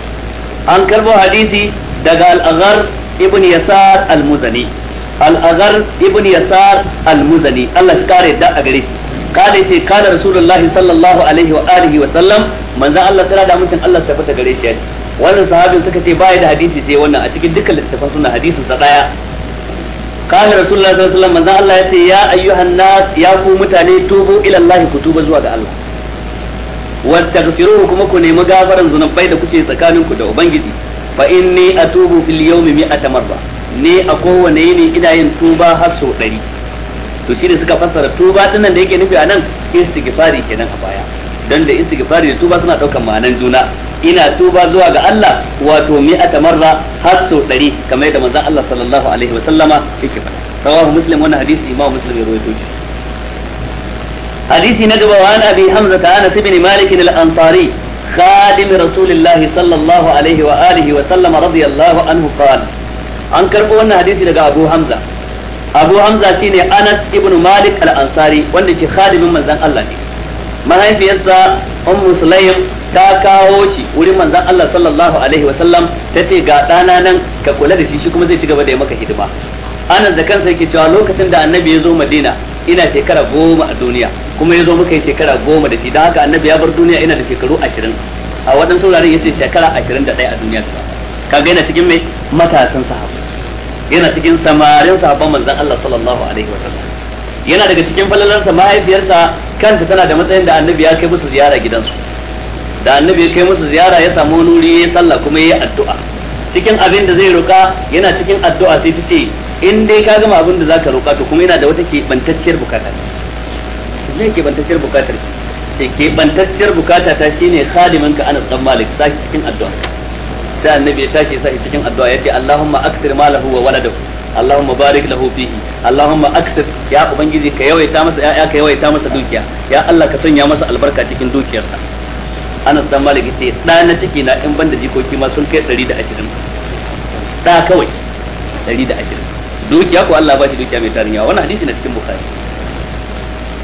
عن كلب حديثي دقى الأغر ابن يسار المزني الأغر ابن يسار المزني الله شكاري دا أغريسي قال يتي قال رسول الله صلى الله عليه وآله وسلم من ذا الله تلا دا ممكن الله سبت أغريسي wannan sahabin suka ce baya da hadisi sai wannan a cikin dukkan littafan suna hadisin sa daya قال رسول الله صلى الله ya وسلم ya الله يتي يا أيها الناس tuba قوم ku tuba zuwa الله كتوبة زوا الله واستغفروه كما كن مغافرا ذنوبي da kuke tsakanin ku da ubangiji fa inni atubu fil yawmi mi'ata marra ne a kowane yini ina yin tuba har sau ɗari? to shine suka fassara tuba dinnan da yake nufi anan istighfari kenan a baya dan da istighfari da tuba suna daukan ma'anan juna ina tuba zuwa ga Allah wato mi'ata marra har sau ɗari kamar yadda mazan Allah sallallahu alaihi wa sallama yake faɗa rawahu muslim wani hadisi imamu muslim ya hadisi na shi wa نجوى عن أبي حمزة أنس بن مالك الأنصاري خادم رسول rasulillah sallallahu alaihi wa وآله wa رضي radiyallahu anhu قال an karɓo wannan hadisi daga Abu Hamza Abu Hamza shine Anas ibnu Malik al-Ansari wanda ke khadimin manzon Allah ne mahaifiyarsa ummu sulaim ta kawo shi wurin manzon Allah sallallahu alaihi wasallam ce ga ɗana nan ka kula da shi shi kuma zai ci gaba da maka hidima anan da kansa yake cewa lokacin da annabi ya zo madina ina shekara goma a duniya kuma ya zo muka yi shekara goma da shi da haka annabi ya bar duniya ina da shekaru ashirin a waɗansu wuraren ya ce shekara ashirin da ɗaya a duniya kaga yana cikin mai matasan sahabu yana cikin samarin sahabban manzon Allah sallallahu alaihi wasallam yana daga cikin falalarsa mahaifiyarsa kanta tana da matsayin da annabi ya kai musu ziyara gidansu da annabi ya kai musu ziyara ya samu nuri ya sallah kuma ya addu'a cikin abin da zai roƙa yana cikin addu'a sai ta ce in dai ka gama abin da zaka roƙa to kuma yana da wata keɓantacciyar bukata me keɓantacciyar bukatar ce keɓantacciyar bukata ta ne khadimin ka Anas dan Malik sai cikin addu'a sai annabi ya tashi sai cikin addu'a yace Allahumma aktir malahu wa waladahu اللهم بارك له فيه اللهم اكسب يا ubangiji ka yawaita masa ya ka yawaita masa dukiya ya Allah ka sanya masa albarka cikin dukiyarsa Anas dan Malik yace da na ciki na in banda jikoki ma sun kai 120 da kawai 120 dukiya ko Allah ba shi dukiya mai tarin yawa wannan hadisi na cikin Bukhari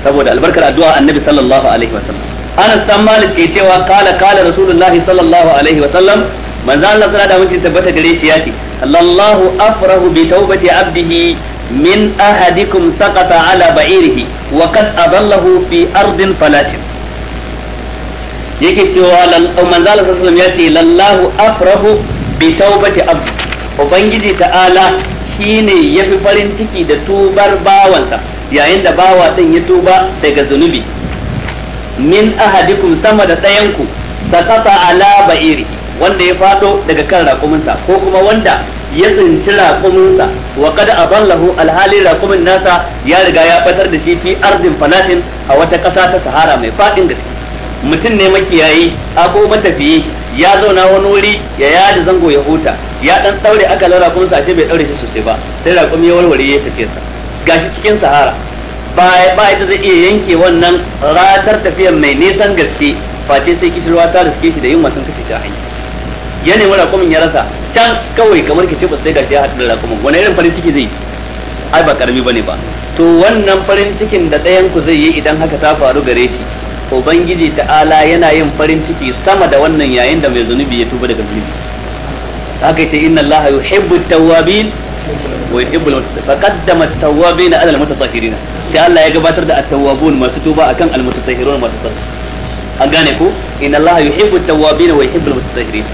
saboda albarkar addu'a annabi sallallahu alaihi wasallam Anas dan Malik ke cewa qala qala rasulullahi sallallahu alaihi wasallam manzo Allah sura da mutunta tabbata gare shi ya ce Allahu afrahu bi taubati abdihi min ahadikum saqata ala ba'irihi wa qad adallahu fi ardin falatin yake cewa manzo Allah sallallahu alaihi ya ce lallahu afrahu bi taubati abdi ubangiji ta'ala shine yafi farin ciki da tubar bawansa yayin da bawa din ya tuba daga zunubi min ahadikum sama da tsayanku saqata ala ba'irihi wanda ya fado daga kan raƙuminsa ko kuma wanda ya tsinci raƙuminsa wa kad adallahu alhali raƙumin nasa ya riga ya batar da shi fi ardin fanatin a wata ƙasa ta sahara mai faɗin gaske mutum ne makiyayi ako matafiyi ya zauna wani wuri ya yada zango ya huta ya dan daure aka lara kuma sa ce bai daure shi sosai ba sai raƙumi ya warware ya tafi sa gashi cikin sahara ba ba ita zai iya yanke wannan ratar tafiyar mai nisan gaske face sai kishirwa ta riske shi da yin wasan kashe ta hanya ya nemi rakumin ya rasa can kawai kamar ki ce ba sai gashi ya haɗu da rakumin wani irin farin ciki zai ai ba karami bane ba to wannan farin cikin da ɗayan ku zai yi idan haka ta faru gare shi ubangiji ta'ala yana yin farin ciki sama da wannan yayin da mai zunubi ya tuba daga zunubi haka ce inna allaha yuhibbu tawwabin wa yuhibbu faqaddama at-tawwabina ala al-mutatahhirin sai Allah ya gabatar da at-tawwabun masu tuba akan al-mutatahhirun masu tsarki an gane ko inna allaha yuhibbu at-tawwabina wa yuhibbu al-mutatahhirin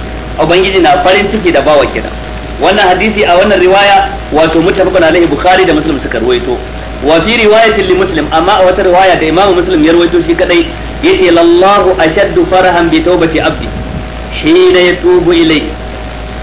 ubangiji na farin ciki da bawa kenan wannan hadisi a wannan riwaya wato mutafaqun alaihi bukhari da muslim suka ruwaito wa fi riwayatin li muslim amma a wata riwaya da imamu muslim ya ruwaito shi kadai yace lallahu ashaddu farahan bi tawbati abdi hina yatubu ilayhi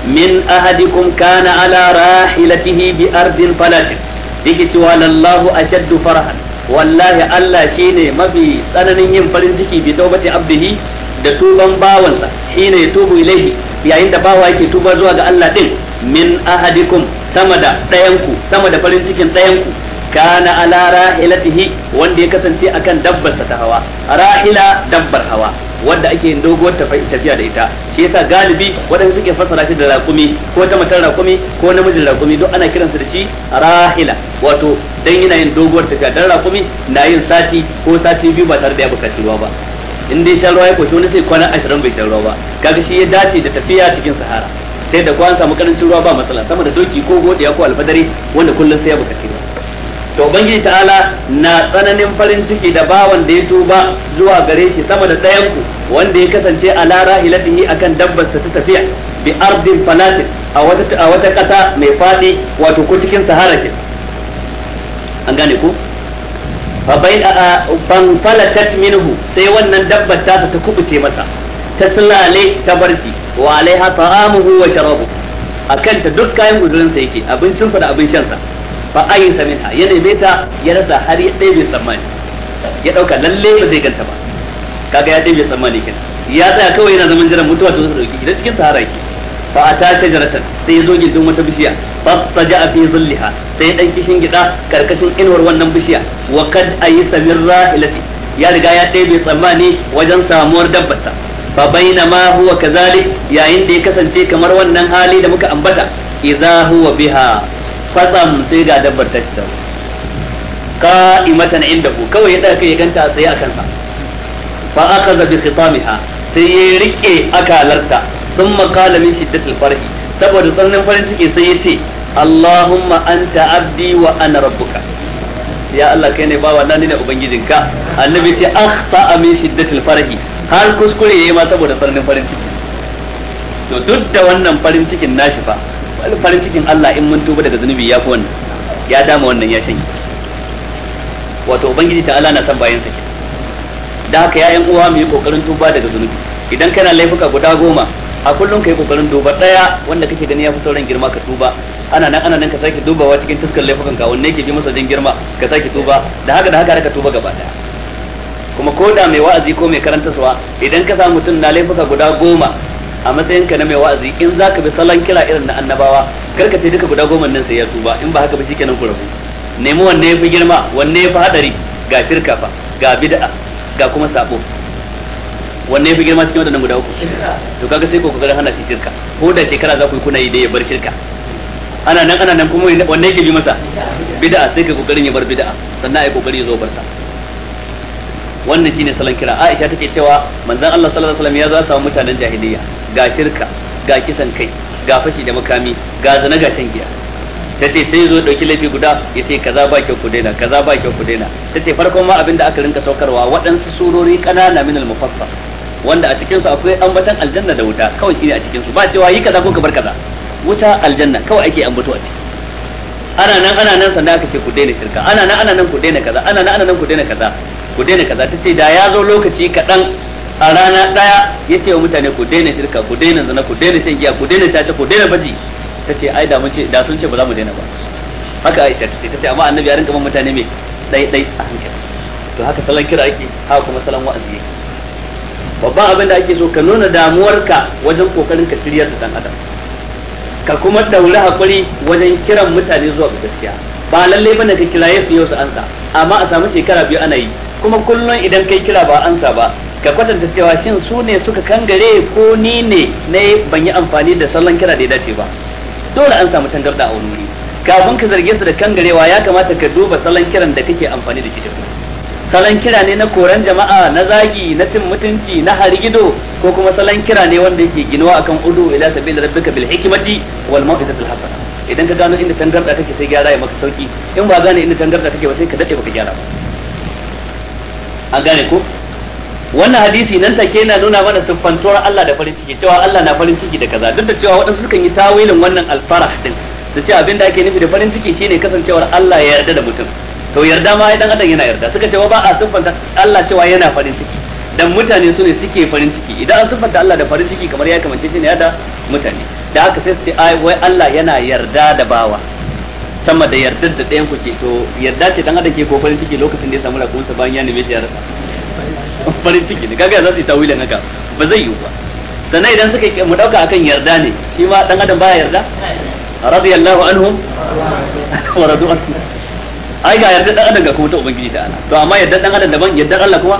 min ahadikum kana ala rahilatihi bi ardin falatin yake cewa lallahu ashaddu farahan wallahi Allah shine mafi tsananin yin farin ciki bi tawbati abdihi da tuban bawansa ne ya tubu ilaihi yayin da bawa yake tuba zuwa ga Allah din min ahadikum sama da ɗayanku sama da farin cikin ɗayanku kana ala rahilatihi wanda ya kasance a akan dabbarsa ta hawa rahila dabbar hawa wanda ake yin doguwar tafiya da ita shi yasa galibi wadanda suke fassara shi da rakumi ko ta matar rakumi ko namijin rakumi duk ana kiransa da shi rahila wato dan yana yin doguwar tafiya dan rakumi na yin sati ko sati biyu ba tare da ya buƙaci ruwa ba in dai shan ruwa ya koshi wani sai kwana ashirin bai shan ruwa ba kaga shi ya dace da tafiya cikin sahara sai da kwan samu karancin ruwa ba matsala sama da doki ko godiya ko alfadari wanda kullum sai ya bukaci ba to ubangiji ta'ala na tsananin farin ciki da bawan da ya tuba zuwa gare shi sama da ɗayan ku wanda ya kasance a lara hilatihi akan dabbar ta tafiya bi ardin falatin a wata a kasa mai faɗi wato ko cikin sahara ke an gane ku fanfalatat minhu sai wannan dabbar ta ta kubuce masa ta sulale ta barci wa alaiha ta'amuhu wa sharabu akan ta duk kayan guzurin sa yake abincin sa da abin shan sa fa ayin sa minha ya dai ta ya rasa har ya dai bai tsammani ya dauka lalle ba zai ganta ba kaga ya dai bai tsammani kin ya tsaya kawai yana zaman jiran mutuwa to zo dauki idan cikin sahara yake fa ata shajaratan sai yazo gindin wata bishiya fa saja fi zillaha sai dan kishin gida karkashin inuwar wannan bishiya wa kad ayisa min rahilati ya riga ya ɗebe tsammani wajen samuwar dabbarsa fa bainama huwa kazalik yayin da ya kasance kamar wannan hali da muka ambata idza huwa biha fatsam sai ga dabbar ta ta qa'imatan indahu kawai ya daka kai ya ganta a tsaye akan sa fa akhadha bi khitamiha sai ya rike akalarta sun makala min shiddatil farhi saboda tsananin farin ciki sai ya ce Allahumma anta abdi wa ana rabbuka ya Allah kai ne bawa na ne ubangijinka annabi ce akhta min shiddatil farhi har kuskure yayi ma saboda tsananin farin ciki to duk da wannan farin cikin nashi fa farin cikin Allah in mun tuba daga zunubi ya fi wannan ya dama wannan ya shanye wato ubangiji ta Allah na san bayan sa da haka ya yan uwa mu yi kokarin tuba daga zunubi idan kana laifuka guda goma a kullum ka yi kokarin duba daya wanda kake gani ya fi sauran girma ka duba ana nan ana nan ka sake dubawa cikin tuskar laifukan ka wanne yake bi masa jin girma ka sake duba da haka da haka ka duba gaba daya kuma ko da mai wa'azi ko mai suwa idan ka samu mutum na laifuka guda goma a matsayin ka na mai wa'azi in za ka bi salon kira irin na annabawa kar ka ce duka guda goma nan sai ya tuba in ba haka ba shikenan ku rabu nemi wanne ya fi girma wanne ya fi hadari ga shirka fa ga bid'a ga kuma sabo wanne fi girma cikin wadannan guda uku to kaga sai ko ku hana shi shirka ko da shekara za ku yi kuna yi da ya bar shirka ana nan ana nan kuma wanne yake bi masa bid'a sai ka kokarin ya bar bid'a sannan ai kokari ya zo bar sa wannan shine salon kira Aisha take cewa manzon Allah sallallahu alaihi wasallam ya za samu mutanen jahiliya ga shirka ga kisan kai ga fashi da makami ga zina ga shan giya ta ce sai zo dauki laifi guda ya ce kaza ba kyau ku daina kaza ba kyau ku daina ta ce farkon ma abinda aka rinka saukarwa waɗansu surori ƙanana min al-mufassal wanda a cikin su akwai ambatan aljanna da wuta kawai shine a cikin su ba cewa yi kaza ko ka bar kaza wuta aljanna kawai ake ambato a ciki ana nan ana nan sannan aka ce ku daina shirka ana nan ana nan ku daina kaza ana nan ana nan ku daina kaza ku daina kaza ta ce da ya zo lokaci kaɗan a rana ɗaya ya ce wa mutane ku daina shirka ku daina zina ku daina shan giya ku daina tace ku daina baji ta ce ai da ce da sun ce ba za mu daina ba haka aisha ta ce ta ce amma annabi ya rinka ban mutane mai ɗai ɗai a hankali to haka salon kira ake haka kuma salon wa'azi yake babban abin da ake so ka nuna damuwarka wajen kokarin ka shiryar da dan adam ka kuma dauri hakuri wajen kiran mutane zuwa ga gaskiya ba lalle bane ka kira su yau su ansa amma a samu shekara biyu ana yi kuma kullum idan kai kira ba ansa ba ka kwatanta cewa shin su ne suka kangare ko ni ne na ban yi amfani da sallan kira da ya dace ba dole an samu tangarda a wani wuri kafin ka zarge su da kangarewa ya kamata ka duba salon kiran da kake amfani da shi da kuma salon kira ne na koran jama'a na zagi na cin mutunci na harigido ko kuma salon kira ne wanda yake ginuwa akan udu ila sabil rabbika bil hikmati wal mau'izatil hasana idan ka gano inda tangarda take sai gyara ya maka sauki in ba gane inda tangarda take ba sai ka dade baka gyara ba an gane ko wannan hadisi nan take yana nuna mana siffantuwar Allah da farin ciki cewa Allah na farin ciki da kaza duk da cewa waɗansu sukan yi tawilin wannan alfarah din su ce abin da ake nufi da farin ciki shine kasancewar Allah ya yarda da mutum to yarda ma ai dan adam yana yarda suka ce ba a siffanta Allah cewa yana farin ciki dan mutane su ne suke farin ciki idan an siffanta Allah da farin ciki kamar ya kamance shi ne da mutane da aka sai su ce ai wai Allah yana yarda da bawa sama da yardar da ɗayan ku ke to yarda ce dan adam ke ko farin ciki lokacin da ya samu rakunsa bayan ya neme shi ya rasa *laughs* farin ciki ne kaga za su yi tawilin haka ba zai yiwu ba sannan idan suka mu dauka akan yarda ne shi ma dan adam baya yarda radiyallahu anhum *laughs* wa radu anhum ai ga yarda dan adam ga kuma ta ubangiji ta ana to amma yarda dan adam daban yarda Allah kuma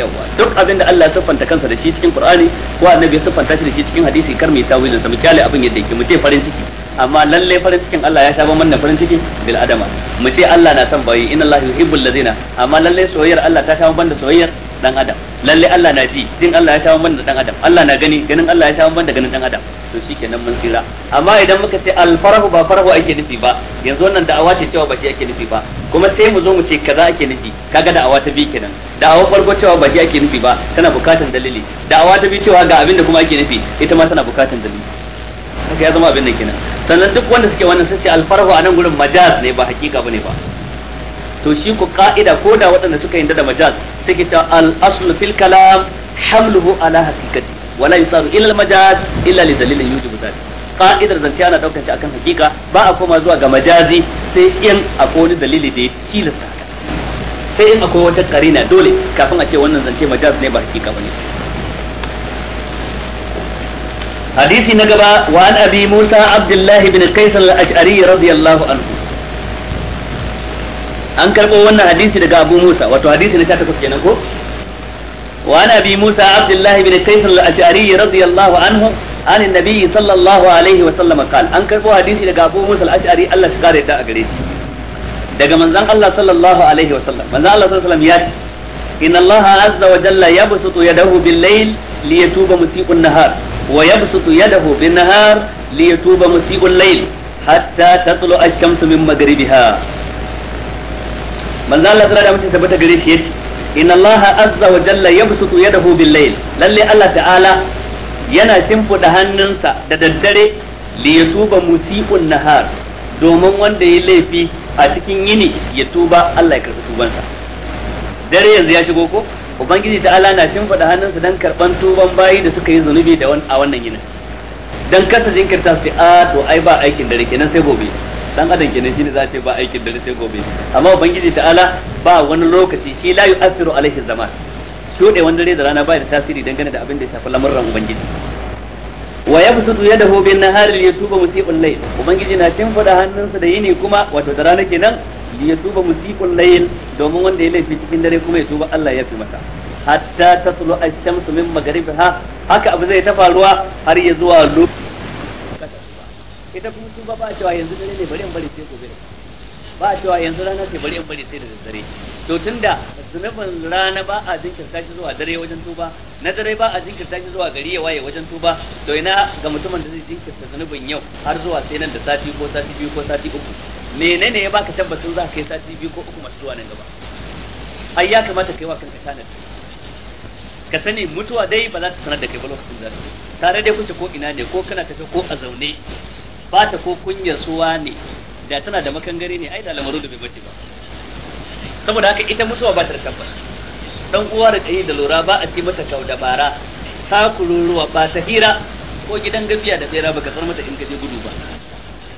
yawa duk abin da Allah ya siffanta kansa da shi cikin Qur'ani ko annabi ya siffanta shi da shi cikin hadisi kar mai tawilin sa mu kyale abin yadda yake mu ce farin ciki amma lalle farin cikin Allah ya sha bamban farin ciki bil adama mu ce Allah na son bayi inna Allah yuhibbul ladina amma lalle soyayyar Allah ta sha banda da soyayyar dan adam lalle Allah na ji jin Allah ya sha banda da dan adam Allah na gani ganin Allah ya sha banda da ganin dan adam to shikenan mun tsira amma idan muka ce al farahu ba farahu ake nufi ba yanzu wannan da'awa ce cewa ba shi ake nufi ba kuma sai mu zo mu ce kaza ake nufi kaga da'awa ta bi kenan da'awa farko cewa ba shi ake nufi ba tana bukatan dalili da'awa ta bi cewa ga abin da kuma ake nufi ita ma tana bukatan dalili haka ya zama abin da kenan sannan duk wanda suke wannan sun ce alfarhu a nan gurin majaz ne ba hakika bane ba to shi ku ka'ida ko da waɗanda suka yinda da majaz take ta al aslu fil kalam hamluhu ala hakikati wala yusaru ila al majaz illa li dalilin yujibu dhalik ka'idar zance ana daukar shi akan hakika ba a koma zuwa ga majazi sai in akwai wani dalili da ya tilasta sai in akwai wata karina dole kafin a ce wannan zance majaz ne ba hakika bane hadisi na gaba wa an abi musa abdullahi bin kaisar al-ash'ari anhu an karɓo wannan hadisi daga abu musa wato hadisi na 18 kenan ko wa an abi musa abdullahi bin kaisar al-ash'ari anhu an annabi sallallahu alaihi wa sallam an karɓo hadisi daga abu musa al-ash'ari Allah kare da a gare daga manzon Allah sallallahu alaihi wa sallam Allah sallallahu ya ce inna azza wa nahar Wa yabsutu sutu yadda hubin lahar, liyatuba mu siɗun hatta ta tsiɗo aiki sun min magani Man za a yi lasarar da mutum saboda ta gare shi ya ci. Inna Allaha azza wa Jalla yabu sutu yadda hubin lahin, lallai Allah Ta'ala. Yana fimfuta hannunsa da daddare, liyatuba mu siɗun lahar, domin wanda yayi laifi a cikin yini ya tuba Allah Ya karɓa tuwan dare yanzu ya shigo ko ubangiji ta ala na faɗa hannunsa dan karɓan tuban bayi da suka yi zunubi da a wannan yinin dan kasa jinkirta su a to ai ba aikin dare kenan sai gobe dan adam kenan shine za ce ba aikin dare sai gobe amma ubangiji ta ala ba wani lokaci shi la yu'athiru alaihi zaman shuɗe wani dare da rana ba da tasiri dangane da abin da ya shafi lamuran ubangiji wa yabsutu yadahu bin nahari liyatuba musii'ul layl ubangiji na faɗa hannunsa da yini kuma wato da rana kenan ya tuba musiqul layl domin wanda ya laifi cikin dare kuma ya tuba Allah ya fi masa hatta tatlu ash-shamsu min maghribiha haka abu zai ta faruwa har ya zuwa ita kuma tuba ba cewa yanzu dare ne bari in bari sai gobe ba cewa yanzu rana ce bari in bari sai da dare to tunda zunubin rana ba a jinkirta shi zuwa dare wajen tuba na dare ba a jinkirta shi zuwa gari ya waye wajen tuba to ina ga mutumin da zai jinkirta zunubin yau har zuwa sai nan da sati ko sati biyu ko sati uku menene ya baka tabbacin za ka yi sati biyu ko uku masu zuwa nan gaba ai ya kamata kai wa kanka tanadi ka sani mutuwa dai ba za ta sanar da kai ba lokacin za ta tare dai kuce ko ina ne ko kana tafe ko a zaune ba ta ko kunyar suwa ne da tana da makangare ne ai da lamaru da bai bace ba saboda haka ita mutuwa ba ta da tabbas dan uwa da tsaye da lura ba a ci mata kau da bara ta kururuwa ba ta hira ko gidan gafiya da tsera baka san mata in ka je gudu ba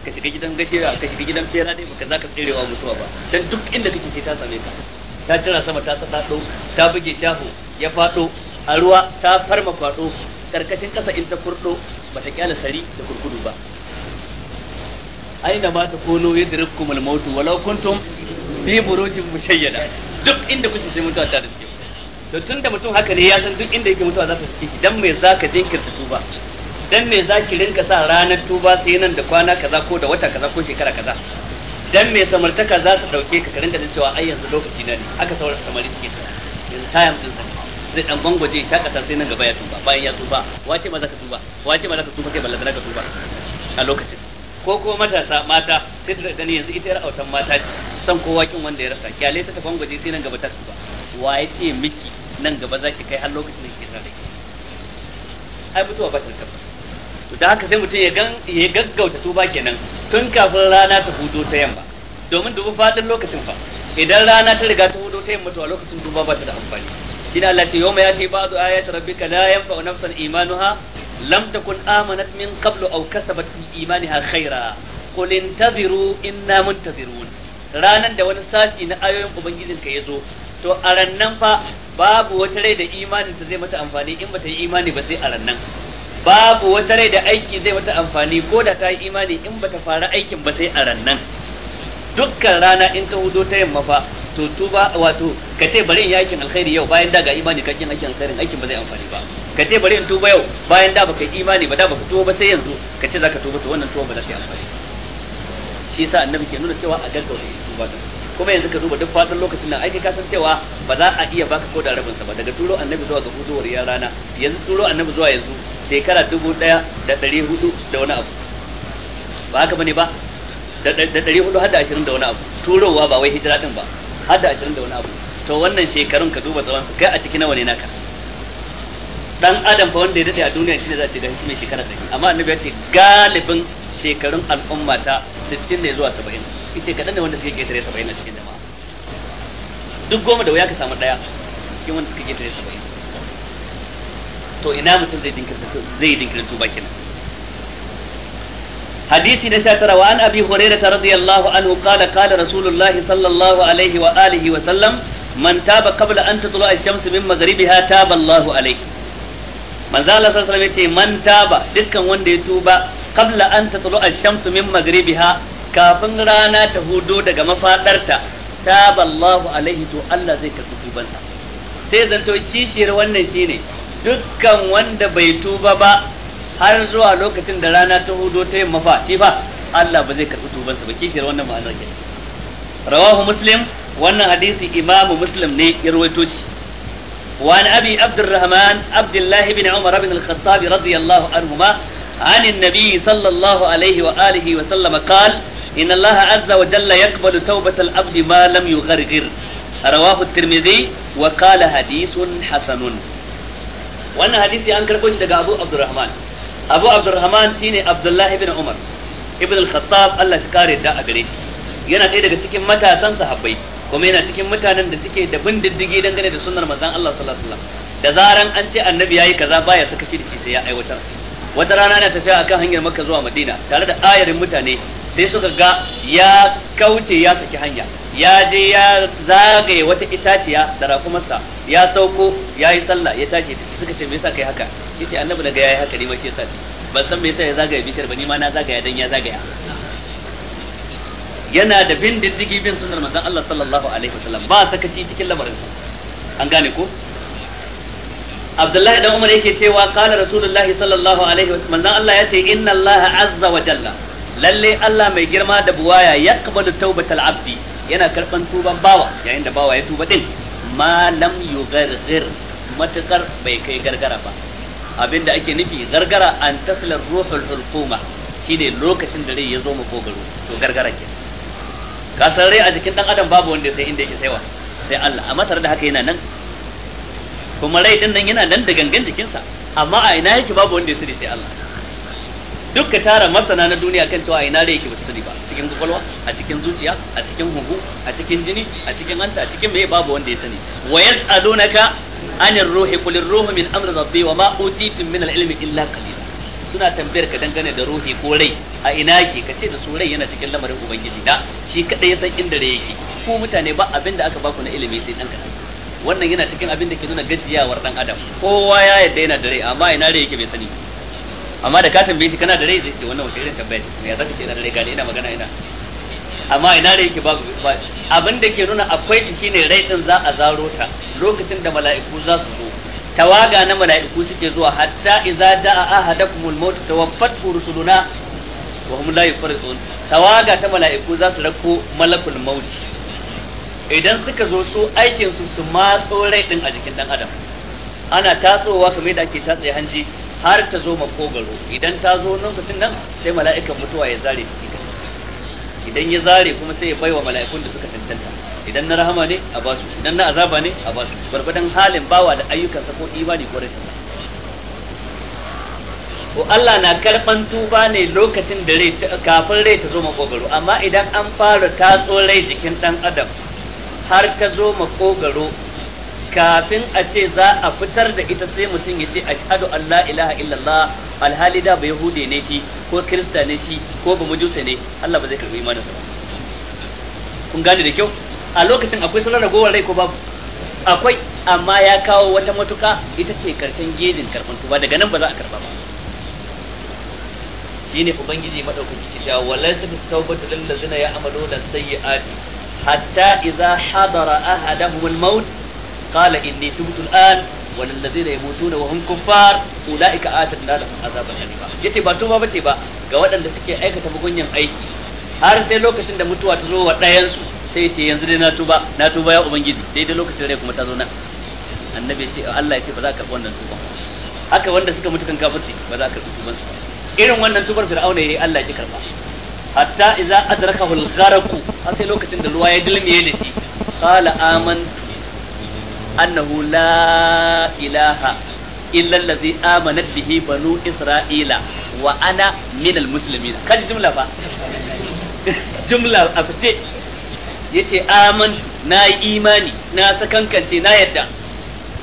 ka shiga gidan gashiya ka shiga gidan fera dai baka zaka tserewa mutuwa ba dan duk inda kake sai ta same ka ta jira sama ta do ta buge shafu, ya fado a ruwa ta farma kwado karkashin kasa in ta kurdo bata kyala sari da kurkudu ba aina ba ta kono yadrikum al mautu walau kuntum fi burujin mushayyada duk inda kuke sai mutuwa ta riske to tunda mutum haka ne ya san duk inda yake mutuwa za ta riske dan me zaka jinkirta su ba dan me zaki rinka sa ranar tuba sai nan da kwana kaza ko da wata kaza ko shekara kaza dan me samartaka za ta dauke ka karin da cewa ai yanzu lokaci na ne aka saura samari take ta yanzu tayam din sa zai dan bangwaje shakata sai nan gaba ya tuba bayan ya tuba wace ma za ka tuba wace ma za ka tuba kai balla za ka tuba a lokacin ko kuma matasa mata sai ta gani yanzu ita yar autan mata ce san kowa kin wanda ya rasa kyale ta ta bangwaje sai nan gaba ta tuba wa ya ce miki nan gaba za ki kai har lokacin da kike tare ai mutuwa ba ta tabbata to da haka sai mutum ya gaggauta tuba kenan tun kafin rana ta hudo ta yamma domin dubu fadin lokacin fa idan rana ta riga ta hudo ta yamma to a lokacin duba ba ta da amfani kina Allah ce yawma yati ba'du ayat rabbika la yanfa nafsan imanuha lam takun amanat min qablu aw kasabat fi imaniha khaira qul intaziru inna muntazirun ranan da wani sashi na ayoyin ubangijin ya zo to a rannan fa babu wata rai da imanin ta zai mata amfani in bata yi imani ba sai a rannan babu wata rai da aiki zai mata amfani ko da ta yi imani in bata fara aikin ba sai a rannan dukkan rana in ta hudo ta yamma fa to tuba wato ka ce bari in yi aikin alkhairi yau bayan da ga imani kakin aikin alkhairin aikin ba zai amfani ba ka ce bari in tuba yau bayan da baka yi imani ba da baka tuba ba sai yanzu ka ce zaka tuba to wannan tuba ba za ta yi amfani shi yasa annabi ke nuna cewa a gaggauta tuba ta. kuma yanzu ka duba duk fadin lokacin nan aiki ka san cewa ba za a iya baka ko da rabin sa ba daga turo annabi zuwa ga hudowar rana yanzu turo annabi zuwa yanzu shekara dubu ɗaya da ɗari hudu da wani abu ba haka bane ba da ɗari hudu har da ashirin da wani abu turowa ba wai hijira ɗin ba har da ashirin da wani abu to wannan shekarun ka duba tsawon su kai a ciki nawa ne naka dan adam fa wanda ya dade a duniya ne za a ce shi mai shekara ɗari amma annabi ya ce galibin shekarun al'umma ta 60 ne zuwa 70 ita kaɗan ne wanda suke ketare 70 a cikin jama'a duk goma da wuya ka samu ɗaya cikin wanda suke ketare 70 to ina mutum zai dinkirta zai dinkirta tuba kenan حديث نساتر وعن أبي هريرة رضي الله عنه قال قال رسول الله صلى الله عليه وآله وسلم من تاب قبل أن تطلع الشمس من مغربها تاب الله عليه من ذا الله صلى الله عليه وسلم من تاب دكا وان دي قبل أن تطلع الشمس من مغربها كافن رانا تهودو دقا مفادرتا تاب الله عليه تو الله زي كتبوبا sai zanto kishiyar wannan shine dukkan wanda bai tuba ba har zuwa lokacin da rana ta hudo ta yamma fa shi fa Allah ba zai karɓi tubansa ba kishiyar wannan ma'anar ke rawahu muslim wannan hadisi imamu muslim ne ya rawaito shi وعن أبي عبد الرحمن عبد الله بن عمر بن الخطاب رضي الله عنهما عن النبي صلى الله عليه وآله وسلم قال إن الله عز وجل يقبل توبة العبد ما لم يغرغر رواه الترمذي وقال حديث حسن wannan hadisi an karɓo shi daga Abu Abdurrahman Abu Abdurrahman shine Abdullah ibn Umar ibn al-Khattab Allah ya kare da a gare shi yana ɗaya daga cikin matasan sahabbai kuma yana cikin mutanen da suke da bin diddigi dangane da sunnar manzon Allah sallallahu alaihi wasallam da zaran an ce annabi yayi kaza baya saka shi da shi sai ya aiwatar wata rana na tafiya akan hanyar Makka zuwa Madina tare da ayarin mutane sai suka ga ya kauce ya saki hanya ya je ya zagaye wata itaciya da rakumarsa ya sauko ya yi sallah ya tashi suka ce me yasa kai haka yace annabi daga yayi haka ne ma ke sa ban san me yasa ya zagaye bishiyar ba ni ma na zagaya dan ya zagaya yana da bin diddigi bin sunnar manzon Allah sallallahu alaihi wasallam ba sakaci cikin lamarin an gane ko Abdullahi dan Umar yake cewa qala Rasulullahi sallallahu alaihi wasallam manzon Allah yace inna Allah azza wa jalla lalle Allah mai girma da buwaya ya kabalu taubatal abdi yana karban tuban bawa yayin da bawa ya tuba din ma lam yugargir matakar bai kai gargara ba abinda ake nufi gargara an taslar ruhul hulquma shine lokacin da rai ya zo makogaro to gargara ke Ka san rai a jikin dan adam babu wanda sai inda yake saiwa sai Allah a masar da haka yana nan kuma rai din nan yana nan da gangan jikinsa amma a ina yake babu wanda ya sani sai Allah duk ka tara masana na duniya kan cewa ina da yake ba su sani ba cikin kwakwalwa a cikin zuciya a cikin huhu a cikin jini a cikin hanta a cikin mai babu wanda ya sani wa yas'alunaka anir ruhi qulir ruhu min amri rabbi wa ma utitum min al-ilmi illa qalila suna tambayar ka dangane da ruhi ko rai a ina yake ka ce da su rai yana cikin lamarin ubangiji da shi kadai ya san inda rai yake ko mutane ba abin da aka baku na ilimi sai dan kadan wannan yana cikin abin da ke nuna gajiyawar dan adam kowa ya yadda yana da rai amma ina rai yake bai sani amma da ka tambaye shi kana da rai zai ce wannan wace irin tambaya ne ya zaka ce ina da rai gani ina magana ina amma ina rai yake babu abin da ke nuna akwai shi shine rai din za a zaro ta lokacin da mala'iku za su zo tawaga na mala'iku suke zuwa hatta idza da'a ahadakumul maut tawaffat rusuluna wa hum la yufarridun tawaga ta mala'iku za su rako malakul maut idan suka zo su aikin su su matso rai din a jikin dan adam ana tatsowa kamar da ake tatsaye hanji har ta zo makogaro idan ta zo lokacin nan sai mala'ikan mutuwa ya zare ta ita idan ya zare kuma sai ya baiwa mala'ikun da suka tantanta idan na rahama ne a basu idan na azaba ne a basu barbadan halin bawa da ayyukansa ko imani ko rashin ko Allah na karban tuba ne lokacin da rai kafin rai ta zo makogaro amma idan an fara tatso rai jikin dan adam har ka zo makogaro kafin a ce za a fitar da ita sai mutum ya ce ashhadu an la ilaha illallah alhali da ba yahude ne shi ko kirista ne shi ko ba mujusa ne Allah ba zai karbi imanin sa kun gane da kyau a lokacin akwai sauran gowar rai ko babu akwai amma ya kawo wata matuka ita ce karshen gejin karban tuba daga nan ba za a karba ba shine ubangiji madaukaki ke cewa walaysa tawbatu lil ladzina ya'maluna sayyi'ati hatta idza hadara ahadahu al-maut qala inni tubtu al'an wal ladina yamutuna wa hum kuffar ulaika atadna lahum azaban alima yace ba tuba bace ba ga waɗanda suke aikata mugunyan aiki har sai lokacin da mutuwa ta zo wa ɗayan sai yanzu na tuba na tuba ya daidai lokacin rai kuma ta zo nan annabi ce Allah ya ba za ka karɓi wannan tuba haka wanda suka mutu kan kafirci ba za ka karɓi tuban su irin wannan tubar Allah ya karɓa sai lokacin da ruwa ya dilmiye da shi qala amantu annahu la ilaha illa allazi amanat bihi banu isra'ila wa ana min almuslimin kan jumla ba? *laughs* jumla a fice yace aman na yi imani na sakankance na yadda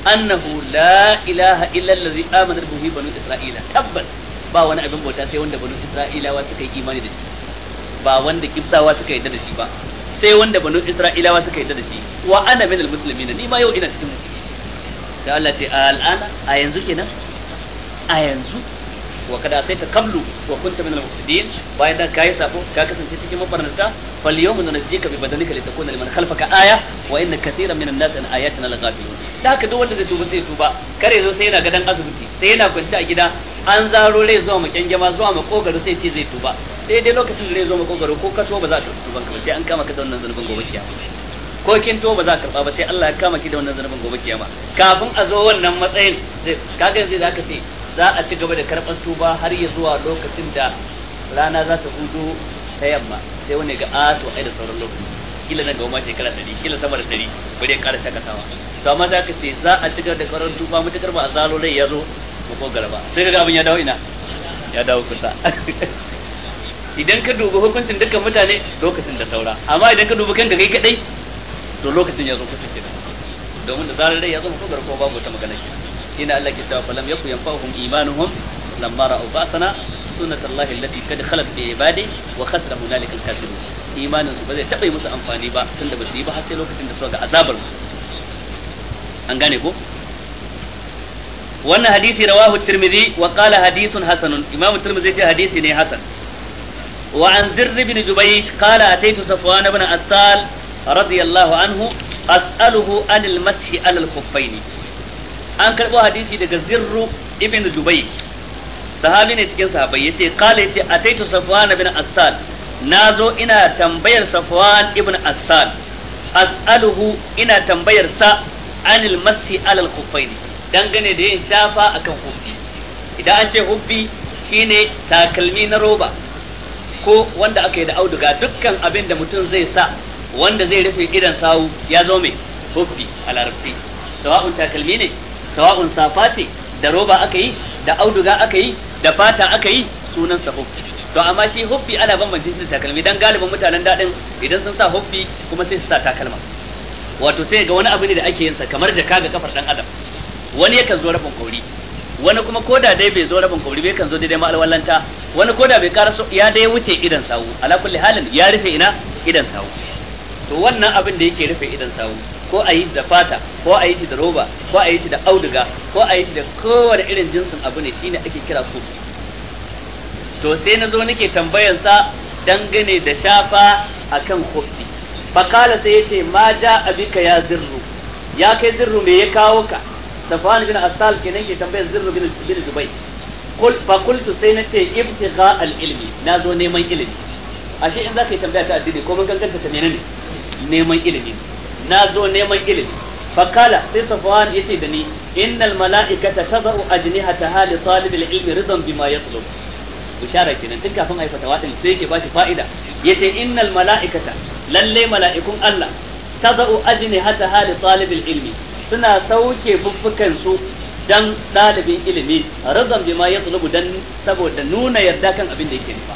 annahu la ilaha illa allazi amanat bihi banu isra'ila tabbas ba wani abin bauta sai wanda banu isra'ilawa suka yi imani da shi ba wanda kibsawa suka yi da shi ba sai wanda banu isra'ilawa suka yadda da shi wa ana min almuslimin ni ma yau ina cikin musulmi da Allah ce al'ana a yanzu kenan a yanzu wa kada sai ta kablu wa kunta min al-mufsidin bayan da kai sako ka kasance cikin mafarnata fal yawma nunajjika bi badanika li takuna liman khalfaka aya wa inna kaseeran minan nas an ayatina laghafilun da haka duk wanda zai tuba sai tuba kare zo sai yana gadan asibiti sai yana kwance a gida an zaro rai zuwa makyangema zuwa makogaro sai ce zai tuba daidai lokacin da zai zo makogaro ko ka ba za ka karɓi tuban ba sai an kama ka da wannan zanubin gobe kiyama ko kin to ba za ka karɓa ba sai Allah ya kama ki da wannan zanubin gobe kiyama kafin a zo wannan matsayin kaga yanzu za ka ce za a ci gaba da karɓar tuba har ya zuwa lokacin da rana za ta hudu ta yamma sai wani ga a ah, to ai da sauran lokaci kila nan gaba ma shekara ɗari kila sama da ɗari bari ya ƙara shakatawa to amma za ka ce za a ci gaba da karɓar tuba mutakar ba a zalo rai ya zo makogaro ba sai ka ga abin ya dawo ina ya dawo kusa *laughs* idan ka dubi hukuncin dukkan mutane lokacin da saura amma idan ka dubi kanka kai kadai to lokacin ya zo kusa kenan domin da zarar rai ya zo kusa ko babu ta magana shi ina Allah ke cewa falam yaku yanfa'uhum imanuhum lamma ra'u ba'sana sunnatullahi allati kad khalat bi ibadi wa khasara hunalika al kafir imanin su ba zai taba musu amfani ba tunda ba su yi ba har sai lokacin da suka ga azabar an gane ko wannan hadisi rawahu tirmidhi wa qala hadithun hasanun imam tirmidhi ya ce hadisi ne hasan وعن ذر بن جبيش قال أتيت صفوان بن أسال رضي الله عنه أسأله عن المسح an karɓo hadisi daga zirru ibn dubai sahabi ne cikin sahabai yace qala yace ataitu safwan ibn assad nazo ina tambayar safwan ibn assad as'aluhu ina tambayar sa anil alal khuffaini dangane da yin shafa akan hubbi idan an ce hubbi shine takalmi na roba ko wanda aka yi da auduga dukkan abin da mutum zai sa wanda zai rufe idan sawu ya zo mai hobbi a larabci sawa'un takalmi ne sawa'un safa da roba aka yi da auduga aka yi da fata aka yi sunan sa hobbi to amma shi hobbi ana bambance shi da takalmi dan galibin mutanen daɗin idan sun sa hobbi kuma sai su sa takalma wato sai ga wani abu ne da ake yin sa kamar jaka ga kafar dan adam wani yakan zo rafin kauri wani kuma koda dai bai zo rabin kubri bai kan zo daidai ma'alwallanta wani koda bai kara so ya dai wuce idan sawu ala kulli halin ya rufe ina idan sawu to wannan abin da yake rufe idan sawu ko a yi da fata ko a yi shi da roba ko a yi shi da auduga ko a yi shi da kowane irin jinsin abu ne shine ake kira su to sai na zo nake sa dangane da shafa akan kofi kala sai yace ma ja abika ya zirru ya kai zirru me ya kawo ka safwan bin asal kenan ke tambayar zirru bin bin zubayr kul sai na ce ibtigha al ilmi na zo neman ilimi ashe in zaka yi tambaya ta addini ko mun kankanta ta menene neman ilimi na zo neman ilimi fakala sai safwan yace da ni innal mala'ikata tadau ajnihataha li talib al ilmi ridan bima yatlub bishara kenan tun kafin ai fatawa din sai yake ba shi fa'ida yace innal mala'ikata mala'ikun Allah tadau ajnihataha li talib al ilmi suna sauke fuffukan su dan ɗalibin ilimi razan bima ya tsulubu dan saboda nuna yarda kan abin da yake nufa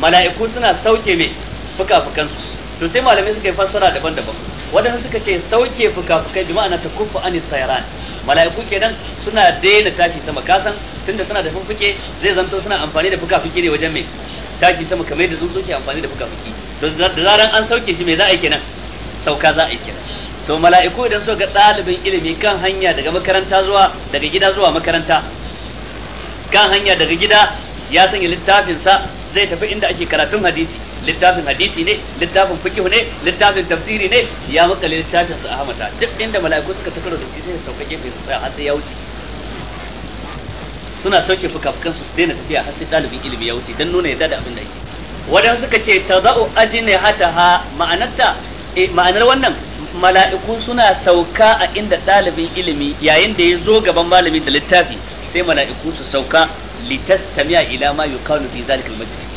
mala'iku suna sauke mai fuka-fukan su to sai malamai suka yi fassara daban-daban wadanda suka ce sauke fuka-fukai bi ma'ana takuffu anis sayran mala'iku kenan suna daina tashi sama kasan tunda suna da fuffuke zai zanto suna amfani da fuka-fuki ne wajen mai tashi sama kamar yadda tsuntsu ke amfani da fuka-fuki da zaran an sauke shi mai za a yi kenan sauka za a yi kenan to mala'iku idan suka ga ɗalibin ilimi kan hanya daga makaranta zuwa daga gida zuwa makaranta kan hanya daga gida ya sanya littafinsa zai tafi inda ake karatun hadisi littafin hadisi ne littafin fikihu ne littafin tafsiri ne ya makale littafin su hamata. duk inda mala'iku suka tafi da shi sai sauka gefe su tsaya har sai ya wuce suna sauke fukafukan su daina tafiya har sai ɗalibin ilimi ya wuce don nuna yadda da abin da yake wadansu suka ce taza'u hataha ma'anarta eh, ma'anar wannan mala'iku suna sauka a inda ɗalibin ilimi yayin da ya zo gaban malami da littafi sai mala'iku su sauka litastami'a ila ma yuqalu fi zalikal majlis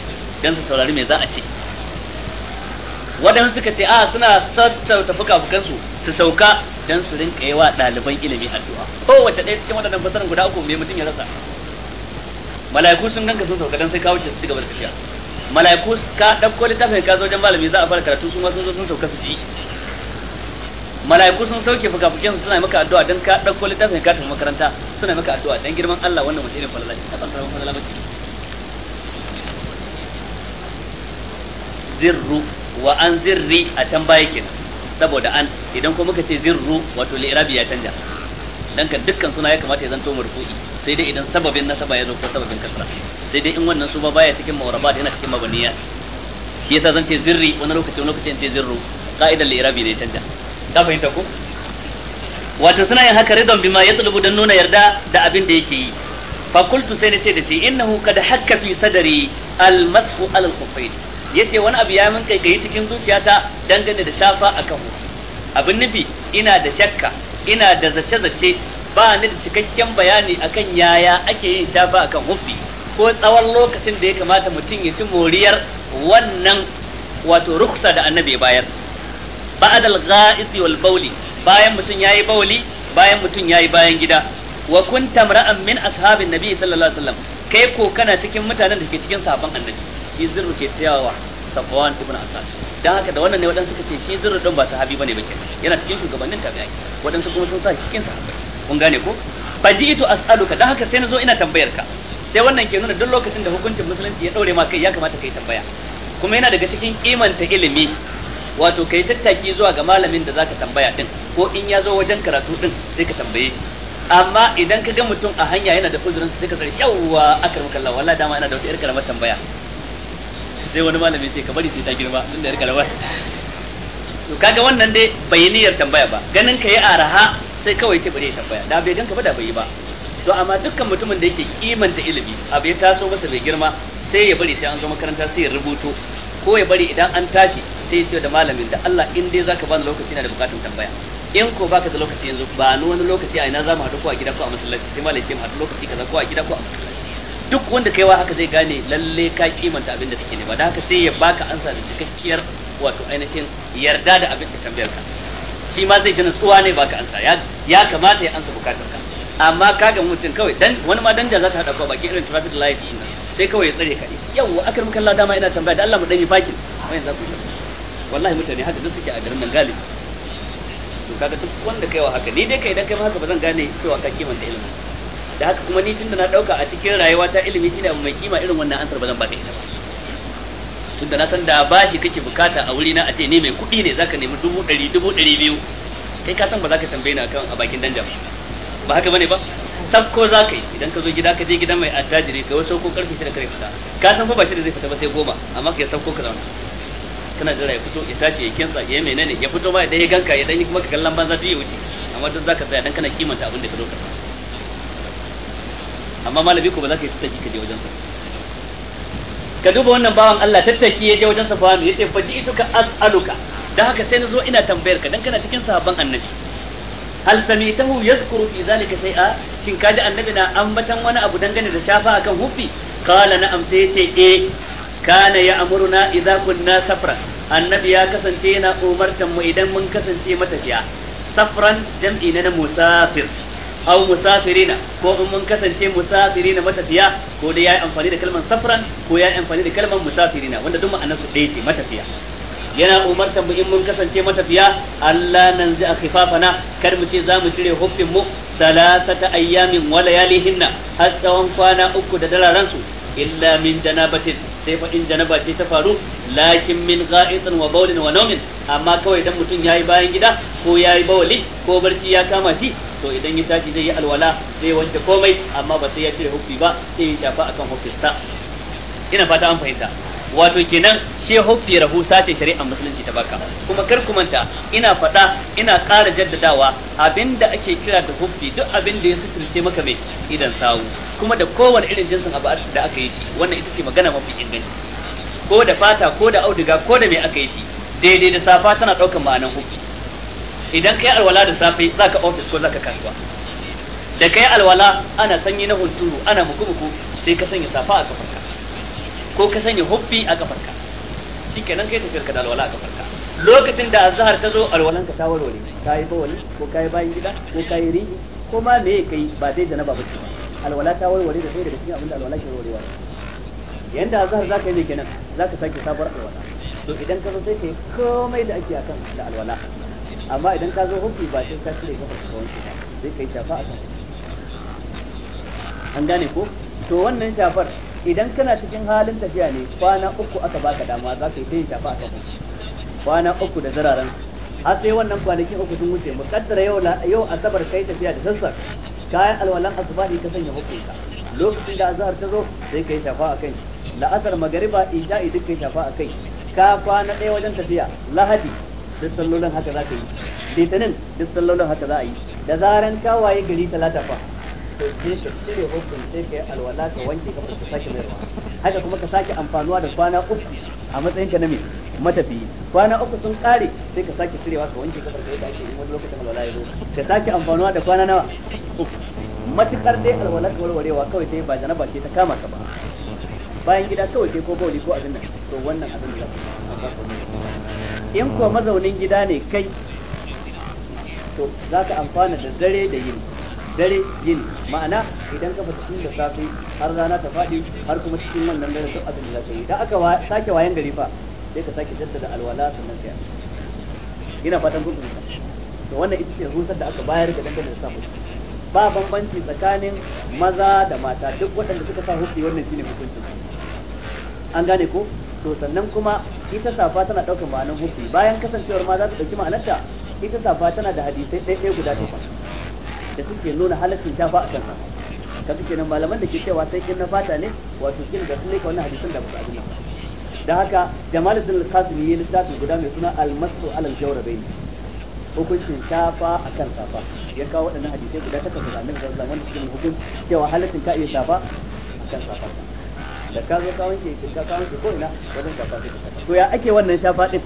dan su saurari me za a ce waɗansu suka ce a suna sassauta fuka-fukansu su sauka don su rinka yawa ɗaliban ilimi addu'a kowace ɗaya cikin waɗannan fasarar guda uku mai mutum ya rasa mala'iku sun ganka sun sauka don sai kawo su ci gaba da tafiya mala'iku ka ɗauko littafin ka zo wajen malami za a fara karatu su ma sun zo sun sauka su ji mala'iku sun sauke fukafukin suna maka addu'a dan ka dauko littafin ka tafi makaranta suna maka addu'a dan girman Allah wannan mutum irin falala ce kasan sarrafa falala bace zirru wa an zirri a can baya kenan saboda an idan kuma muka ce zirru wato liirabi ya canja dan kan dukkan suna ya kamata ya zanto marfu'i sai dai idan sababin nasaba ya zo ko sababin kasra sai dai in wannan su ba baya cikin mawrabat yana cikin mabaniya shi yasa zan ce zirri wani lokaci wani lokaci in ce zirru ka'idar liirabi ne ya canja ka fahimta ko wato suna yin haka ridon bima ya tsulubu don nuna yarda da abin da yake yi fakultu sai na ce da shi innahu kada hakka fi sadari almasu alal yace wani abu ya min kai cikin zuciyata dangane da shafa akan hu abin nufi ina da shakka ina da zace-zace ba ni da cikakken bayani akan yaya ake yin shafa akan hufi ko tsawon lokacin da ya kamata mutum ya ci moriyar wannan wato ruksa da annabi bayar ba'da al-gha'is wal bawli bayan mutum yayi bawli bayan mutum yayi bayan gida wa kunta mar'an min ashabin nabi sallallahu alaihi wasallam kai ko kana cikin mutanen da ke cikin sahabban annabi shi zirru ke tayawa safwan ibn asad dan haka da wannan ne wadansu suka ce shi zirru don ba sahabi bane bace yana cikin shugabannin tabi'i wadansu kuma sun sa cikin sahabbai kun gane ko faji'tu as'aluka dan haka sai na zo ina tambayar ka sai wannan ke nuna duk lokacin da hukuncin musulunci ya daure ma kai ya kamata kai tambaya kuma yana daga cikin kimanta ilimi wato kai tattaki zuwa ga malamin da zaka tambaya din ko in ya zo wajen karatu din sai ka tambaye shi amma idan ka ga mutum a hanya yana da uzurin sai ka tsare yawwa aka maka Allah wallahi dama yana da wata yar karamar tambaya sai wani malami sai ka bari sai ta girma din da yar karamar to kaga wannan dai bai niyyar tambaya ba ganin ka yi araha sai kawai ta bari tambaya da bai ganka ba da bai yi ba to amma dukkan mutumin da yake kimanta ilimi abu ya taso masa bai girma sai ya bari sai an zo makaranta sai ya rubuto ko ya bari idan an tashi sai ya ce da malamin da Allah in dai zaka bani lokaci na da bukatun tambaya in ko baka da lokaci yanzu ba ni wani lokaci a ina za mu haɗu ko a gida ko a masallaci sai malam ke mu haɗu lokaci kaza ko a gida ko a masallaci duk wanda kai wa haka zai gane lalle ka kimanta abin da kake ne ba da haka sai ya baka ansa da cikakkiyar wato ainihin yarda da abin da tambayar ka shi ma zai ji tsuwa ne baka ansa ya ya kamata ya ansa bukatun ka amma kaga mutum kawai dan wani ma danja za ta hada ko baki irin traffic light din sai kawai ya tsare ka ne yawa akar muka Allah dama ina tambaya da Allah mu dani fakin wayan za ku shi wallahi mutane haka duk suke a garin nan galibi to kaga duk wanda kaiwa haka ni dai kai idan kai ma haka ba zan gane cewa ka da ilimi da haka kuma ni tunda na dauka a cikin rayuwa ta ilimi shine abu mai kima irin wannan ansar ba zan baka ita ba tunda na san da bashi kake bukata a wuri na a ce ni mai kuɗi ne zaka nemi dubu ɗari dubu ɗari biyu kai ka san ba za ka tambaye ni akan a bakin danja ba haka bane ba sabko za ka yi idan ka zo gida ka je gidan mai attajiri ka wasu ko karfe da kare fita ka san fa ba da zai fita ba sai goma amma ka sabko ka zauna kana jira ya fito ya tashi ya kinsa ya menene ya fito ma ya ya ganka ya dan kuma ka kallon banza ya wuce amma duk zaka tsaya dan kana kimanta abin da ka zo ka amma malami ko ba za ka yi tattaki ka je wajen sa ka duba wannan bawan Allah tattaki ya je wajen sa fa ce fa ji ituka as'aluka dan haka sai na zo ina tambayar ka dan kana cikin sahabban annabi hal samitahu yadhkuru fi zalika shay'a shin kaji annabi na ambatan wani abu dangane da shafa akan hufi kala na'am sai yace eh kana amuruna idza kunna safran annabi ya kasance yana umartan mu idan mun kasance matafiya safran jam'i na musafir aw musafirina ko in mun kasance musafirina matafiya ko dai yayi amfani da kalmar safran ko yayi amfani da kalmar musafirina wanda duk ma'anar su ɗaya ce matafiya yana umartar mu in mun kasance matafiya Allah nan zai a khifafana kar mu ce za mu cire huffin mu salasata ayyamin wa layalihinna har tsawon kwana uku da dalaran su illa min janabatin sai fa in janaba ce ta faru lakin min ga'itin wa bawlin wa naumin amma kawai dan mutum yayi bayan gida ko yayi bawali ko barci ya kama shi to idan ya tashi zai yi alwala zai wanke komai amma ba sai ya cire hufi ba sai ya shafa akan huffinsa ina fata an fahimta wato kenan she hofi rahu sace shari'a musulunci ta baka kuma kar ku manta ina faɗa ina ƙara jaddadawa abinda ake kira da hofi duk abinda ya sutulce maka mai idan sawu kuma da kowane irin jinsin abu da aka yi shi wannan ita ce magana mafi inganci ko da fata ko da auduga ko da mai aka yi shi daidai da safa tana ɗaukar ma'anan hofi idan kai alwala da safe zaka ofis ko ka kasuwa da kai alwala ana sanyi na hunturu ana muku-muku sai ka sanya safa a kafarka ko ka sanya huffi a kafarka shikenan kai tafiyar ka da alwala a kafarka lokacin da azhar ta zo alwalan ka ta warware ka yi bawali ko kai bayin gida ko kai ri ko ma me kai ba dai da na ba ba alwala ta warware da sai daga cikin abin da alwala ke warwarewa yanda azhar zaka yi kenan zaka sake sabuwar alwala to idan ka zo sai kai komai da ake akan da alwala amma idan ka zo hukki ba sai ka cire ka fara wanke ba sai kai shafa akan an gane ko to wannan shafar idan kana cikin halin tafiya ne kwana uku aka baka dama za ka yi ta yi shafa a kafa kwana uku da zararen har sai wannan kwanakin uku sun wuce kaddara yau yau asabar kai tafiya da sassan kayan alwalan asubahi ka sanya hukunta lokacin da azhar ta zo sai kai shafa a kai la'asar magariba isha'i duk kai shafa a kai ka kwana ɗaya wajen tafiya lahadi duk sallolin haka za ka yi litinin duk sallolin haka za a yi da zaran ka waye gari talata fa To ɗauke ka cire hukun sai ka yi alwala ka wanke ka ka sake mai haka kuma ka sake amfanuwa da kwana uku a matsayin ka na mai matafiyi kwana uku sun kare sai ka sake cirewa ka wanke ka kai da ake yi wani lokacin alwala ya zo ka sake amfanuwa da kwana nawa matukar dai alwala ka warwarewa kawai sai ba janaba ce ta kama ka ba bayan gida kawai sai ko bauli ko abin nan to wannan abin da in ko mazaunin gida ne kai to za ka amfana da dare da yini dare yin ma'ana idan ka fita tun da safe har rana ta faɗi har kuma cikin wannan dare sun abin da za ka yi da aka sake wayan gari fa sai ka sake jaddada alwala sannan sai ina fatan kun fahimta to wannan ita ce rusar da aka bayar ga dangane da safe ba bambanci tsakanin maza da mata duk waɗanda suka sa hukumi wannan shine hukunci. an gane ko to sannan kuma ita safa tana ɗaukar ma'anar hukumi bayan kasancewar ma za ta ɗauki ma'anarta ita safa tana da hadisai ɗaya guda takwas da suke nuna halaccin shafa a kansa ka suke nan malaman da ke cewa sai kin na fata ne wato kin da sunai ka wannan hadisin da ba abin da haka jamaluddin al-qasimi ya littafin guda mai suna al-masu al jawrabain hukuncin shafa a kan safa ya kawo waɗannan hadisai guda takwas da annabi sallallahu alaihi wasallam hukunci cewa halaccin ka iya shafa a kan safa da ka zo ka wanke ka ka wanke ko ina wajen shafa sai to ya ake wannan shafa din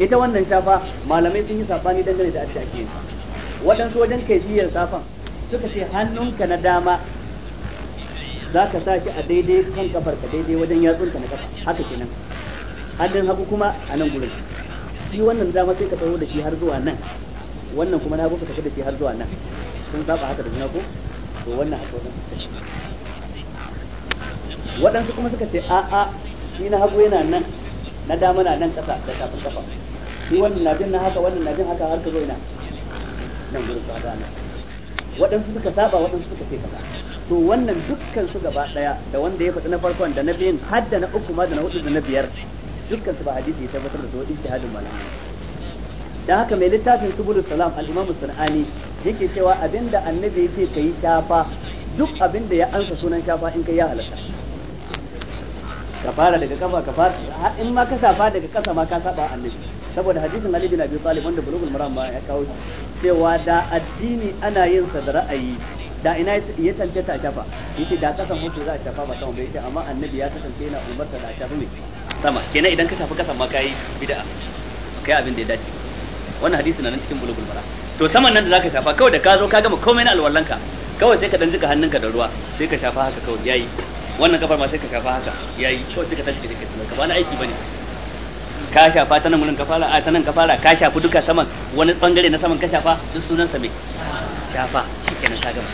ita wannan shafa malamai sun yi sabani dangane da ake ake yin waɗansu wajen kaifiyar safan suka ce hannunka na dama za ka sa shi a daidai kan kafar ka daidai wajen yatsunka na kafa haka kenan hannun hagu kuma a nan gurin shi wannan dama sai ka tsawo da shi har zuwa nan wannan kuma na hagu ka tafi da shi har zuwa nan sun saba haka da juna ko to wannan haka wannan waɗansu kuma suka ce a'a shi na hagu yana nan na dama na nan ƙasa da kafin kafa shi wannan na jin na haka wannan na jin haka har ka zo ina nan gurin ba gane waɗansu suka saba waɗansu suka ce kaza to wannan dukkan su gaba ɗaya da wanda ya faɗi na farkon da na biyun har da na uku ma da na hudu da na biyar dukkan su ba hadisi ya tabbatar da su wadin shahadin malamai da haka mai littafin subulus salam al-imam sunani yake cewa abinda annabi yake kai shafa duk abinda ya ansa sunan shafa in kai ya halatta ka fara daga kafa ka fara in ma ka safa daga kasa ma ka saba annabi saboda hadisin Ali bin Abi Talib wanda bulugul maram ma ya kawo cewa da addini ana yin sa da ra'ayi da ina ya tantance ta shafa yace da kasan mutu za a shafa ba sama bai yace amma annabi ya kasance yana umarta da shafa ne sama kenan idan ka shafi kasan ma kai bid'a kai abin da ya dace wannan hadisi na nan cikin bulugul maram to saman nan da zaka shafa kawai da ka zo ka gama komai na alwallanka kawai sai ka dan jika hannunka da ruwa sai ka shafa haka kawai yayi wannan kafar ma sai ka shafa haka yayi kawai sai ka tashi da kake ba na aiki bane ka shafa ta nan wurin ka fara a ta nan ka fara ka shafi duka saman wani bangare na saman ka shafa duk sunan sa me shafa shikenan ka gama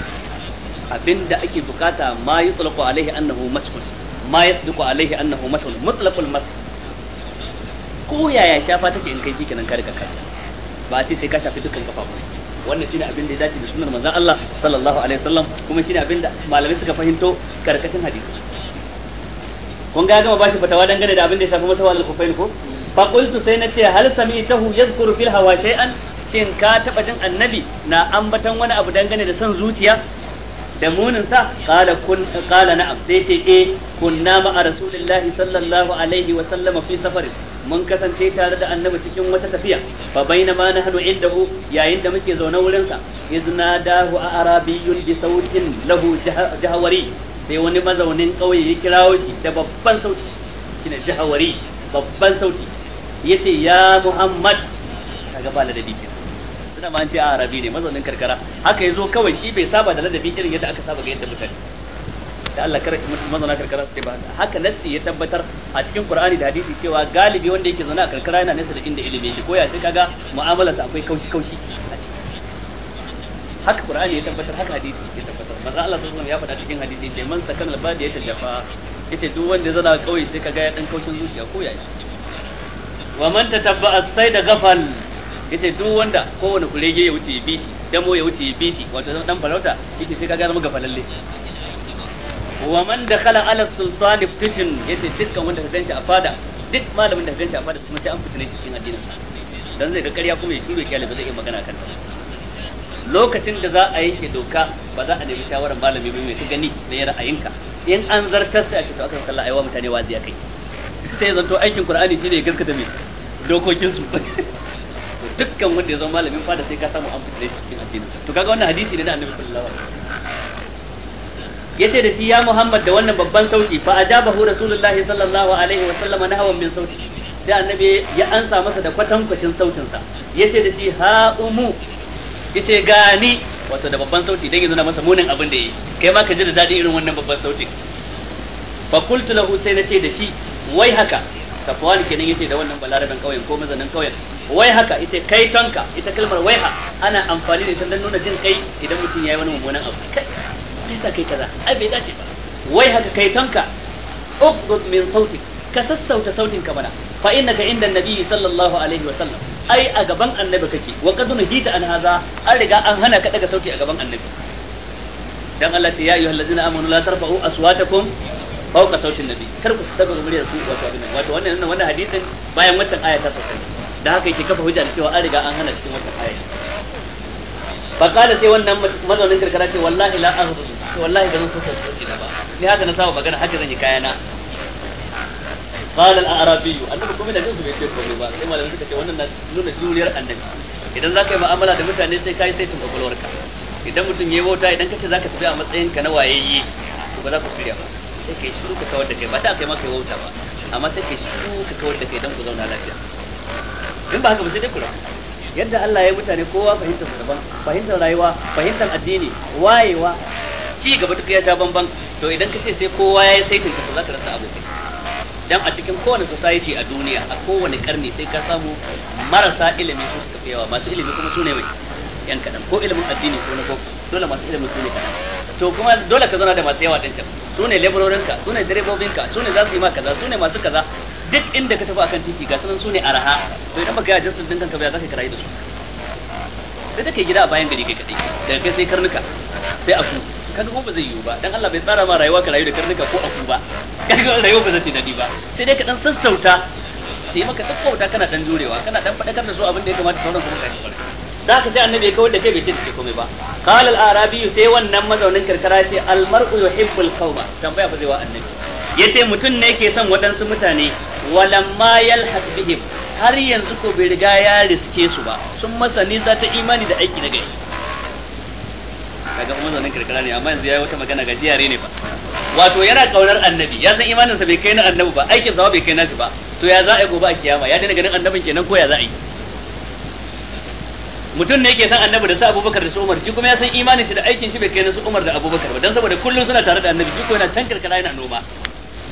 abinda ake bukata ma yutlaqu alaihi annahu mas'ul ma yasduqu alaihi annahu mas'ul mutlaqul mas ko yaya shafa take in kai shikenan ka rika ka ba sai sai ka shafi kafa ba wannan shine abin da ya dace da sunan manzon Allah sallallahu alaihi wasallam kuma shine abin da malamai suka fahimto karkashin hadisi kun ga gama bashi fatawa dangane da abin da ya shafi masawal al-kufain ko fa sai na ce hal sami'tahu yadhkuru fil hawa shay'an shin ka taɓa jin annabi na ambatan wani abu dangane da son zuciya da munin sa qala kun qala na'am sai ce eh kunna ma'a rasulillahi sallallahu alaihi wa sallama fi safarin mun kasance tare da annabi cikin wata tafiya fa bainama nahnu indahu yayin da muke zaune wurin sa izna dahu a arabiyyun bi sautin lahu jahawari sai wani mazaunin kauye ya kirawo shi da babban sauti shine jahawari babban sauti yace ya Muhammad kaga ba ladabi ke suna ma an ce a arabi ne mazaunin karkara haka yazo kawai shi bai saba da ladabi irin yadda aka saba ga yadda mutane da Allah kar mazauna karkara su ba haka nassi ya tabbatar a cikin Qur'ani da hadisi cewa galibi wanda yake zauna a karkara yana nesa da inda ilimi shi ko ya sai kaga mu'amalarsa akwai kaushi kaushi haka Qur'ani ya tabbatar haka hadisi ya tabbatar manzo Allah sallallahu alaihi ya faɗa cikin hadisi da man sakan albadi ya tajafa yace duk wanda ya zauna kauye sai kaga ya dan kaushin zuciya ko ya yi wa man as sayda ghafal yace duk wanda kowane kurege ya wuce ya bi shi damo ya wuce ya bi shi wato dan farauta yace sai kaga zama gafalalle wa man dakhala ala sultan iftitin yace dukkan wanda ka ganta a fada duk malamin da ka ganta a fada kuma sai an fitine shi cikin addinin dan zai ga ƙarya kuma ya shiru kyale ba zai iya magana kan lokacin da za a yanke doka ba za a nemi shawaran malami ba mai ta gani da ya ra'ayinka in an zartar sai a ce to akan sallah aiwa mutane wazi ya kai sai zanto aikin qur'ani shine gaskata me dokokin su *laughs* dukkan wanda ya zama malamin fada sai ka samu amfani da cikin addini to kaga wannan hadisi ne da annabi sallallahu alaihi wasallam yace da shi ya Muhammad da wannan babban sauki fa ajabahu rasulullahi sallallahu alaihi wasallam nahawan min sauti da annabi ya ansa masa da kwatan kwatankwacin sautin sa yace da shi ha umu yace gani wato da babban sauti dan ya zana masa munin abin da yi kai ma ka ji da dadi irin wannan babban sautin fa qultu lahu sai nace da shi wai haka safwan kenan yace da wannan balaraben kauyen ko mazanin kauyen wai haka ita kai tanka ita kalmar wai ha ana amfani da ita dan nuna jin kai idan mutum yayi wani mummunan abu kai sa kai kaza ai bai dace ba wai haka kai tanka uqdud min sautik ka sassauta sautin ka mana fa innaka inda nabiyyi sallallahu alaihi wa sallam ai a gaban annabi kake wa qad nuhita an hadha an riga an hana ka daga sauti a gaban annabi dan Allah ya ayyuhallazina amanu la tarfa'u aswatakum fauka sautin nabi kar ku saba muryar ku wato abin nan wato wannan wannan hadisin bayan wannan aya ta sauka da haka yake kafa hujja da cewa an riga an hana cikin wannan aya fa kada sai wannan mazaunin karkara ce wallahi la to wallahi ba zan so sauti da ba ni haka na saba magana haka zan yi kayana al-arabi annabi kuma da jinsu bai ce ko ba sai malamin suka ce wannan na nuna juriyar annabi idan zaka yi mu'amala da mutane sai kai sai tun kwakwalwarka idan mutum ya yi wauta idan kace zaka tafi a matsayin ka na wayayye ba za ku shirya ba sai kai shiru ka kawar da kai ba ta kai maka wauta ba amma sai kai shiru ka kawar da kai dan ku zauna lafiya in ba haka ba sai dai kula yadda Allah ya mutane kowa fahimtar su daban fahimtar rayuwa fahimtar addini wayewa ci gaba duk ya ta bamban to idan ka ce sai kowa ya yi saitin ka za ka rasa abokai dan a cikin kowane society a duniya a kowane karni sai ka samu marasa ilimi su suka fi yawa masu ilimi kuma su ne mai yan kadan ko ilimin addini ko na boko dole masu ilimin su ne kadan to kuma dole ka zauna da masu yawa dinka su ne leburorinka su ne direbobinka su ne za su yi ma kaza su ne masu kaza duk inda ka tafi akan titi ga sunan su ne araha to idan baka yi ajistin din kanka ba za ka karayi da su sai take gida a bayan gari kai kadai daga kai sai karnuka sai aku kaga ko ba zai yiwu ba dan Allah bai tsara ma rayuwa ka rayu da karnuka ko ku ba kaga rayuwa ba zai ta dadi ba sai dai ka dan sassauta sai maka sassauta kana dan jurewa kana dan fadakar da su abin da ya kamata sauran su mutane da ka sai annabi kawar da kai bai ce komai ba qala al arabi sai wannan mazaunin karkara ce al mar'u yuhibbul qawma tambaya fa zai wa annabi yace mutum ne yake son waɗansu mutane walamma yalhaq bihim har yanzu ko bai riga ya riske su ba sun masa nisa ta imani da aiki na gari kaga kuma zaunin karkara ne amma yanzu yayi wata magana ga jiyare ne ba wato yana kaunar annabi ya san imaninsa bai kai na annabi ba aikin sa bai kai nashi ba to ya za a yi gobe a kiyama ya dana ganin annabin kenan ko ya za a yi mutum ne yake san annabi da su abubakar da su umar shi kuma ya san imanin shi da aikin shi bai kai na su umar da abubakar ba dan saboda kullum suna tare da annabi shi ko yana can karkara yana noma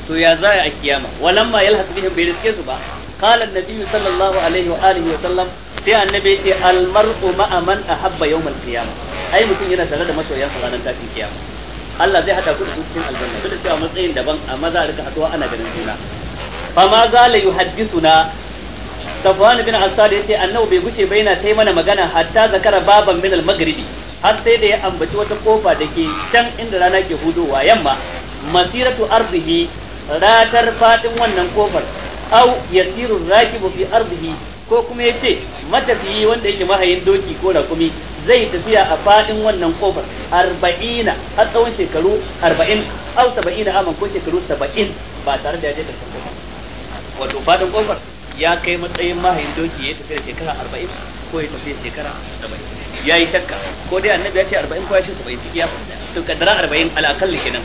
to ya zaya a kiyama walamma yalhaq bihim bai riske su ba qala annabi sallallahu alaihi wa alihi wa sallam sai annabi ya ce al mar'u ma'a man ahabba yawm al qiyama ai mutum yana tare da masoyan sa ranar tashin kiyama Allah zai hada ku da cikin aljanna duk da cewa matsayin daban amma za a rika haduwa ana ganin juna fa ma za la yuhaddithuna safwan bin asad yace annabi bai gushe ba yana ta mana magana hatta zakara baban min al-maghribi har sai da ya ambaci wata kofa da ke can inda rana ke hudowa yamma masiratu ardihi ratar fadin wannan kofar au yasiru rakibu fi ardihi ko kuma yace matafiyi wanda yake mahayin doki ko rakumi zai tafiya a fadin wannan kofar arba'ina har tsawon shekaru arba'in au saba'ina aman ko shekaru saba'in ba tare da ya je karshen kofar wato fadin kofar ya kai matsayin mahayin doki ya tafi da shekara arba'in ko ya tafi da shekara saba'in ya yi shakka ko dai annabi ya ce arba'in ko ya ce saba'in ciki ya fahimta to kaddara arba'in al'akalli kenan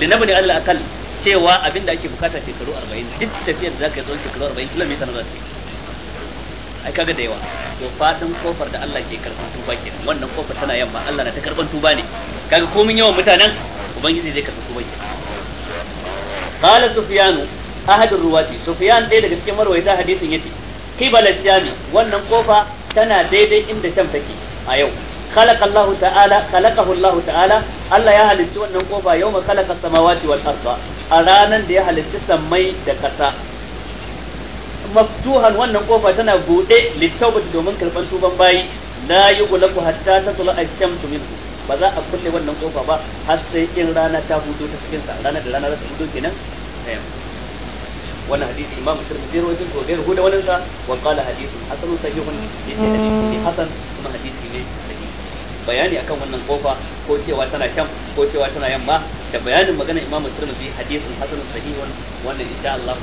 linabu ne allah akal cewa abin da ake bukata shekaru arba'in duk tafiyar da za ka yi tsawon shekaru arba'in kilomita na za ta yi ai kaga da yawa to fatan kofar da Allah ke karban tuba ke wannan kofar tana yamma Allah na ta karban tuba ne kaga komin yawan mutanen ubangiji zai karbi tuba ke qala sufyanu ahadin ruwati sufyan ɗaya daga cikin marwaita hadisin yace qibala jami wannan kofa tana daidai inda sham take a yau خلق الله تعالى خلقه الله تعالى الله يا هل تسوى النقوفة يوم خلق السماوات والأرض أرانا دي هل تسمي دكتا مفتوحا والنقوفة تنبوء للتوبة دومن كالفن توبا باي لا يغلق حتى تطلع الشمس منه فذا أقول لي والنقوفة با حتى إن رانا تهدو تسكنسا رانا دلانا رسل kenan. wani hadisi imamu tirmidhi rawaito ko da huda wannan sa wa qala hadithun hasan sahihun yace hadisi hasan kuma hadisi ne bayani akan wannan kofa ko cewa tana sham ko cewa tana yamma da bayanin magana imamu tirmidhi hadisin hasan sahihun wannan insha Allah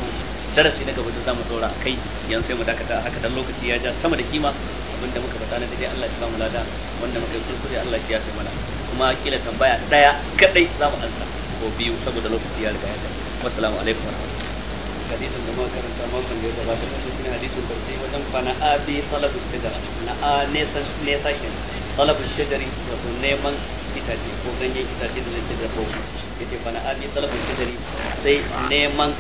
darasi na gaba da zamu dora a kai yanzu sai mu dakata haka dan lokaci ya ja sama da kima abinda muka faɗa na dai Allah ya ba mu lada wanda muka yi kuskure Allah ya yi mana kuma kila tambaya daya kadai zamu ansa ko biyu saboda lokaci ya riga ya ja wassalamu alaikum hadisin da muka karanta makon da ya gabata da shi hadisin sai wajen fana abi salafu shajara na a nesa shi ke salafu da wato neman itace ko ganye itace da zai da kofi yace fana abi salafu shajari sai neman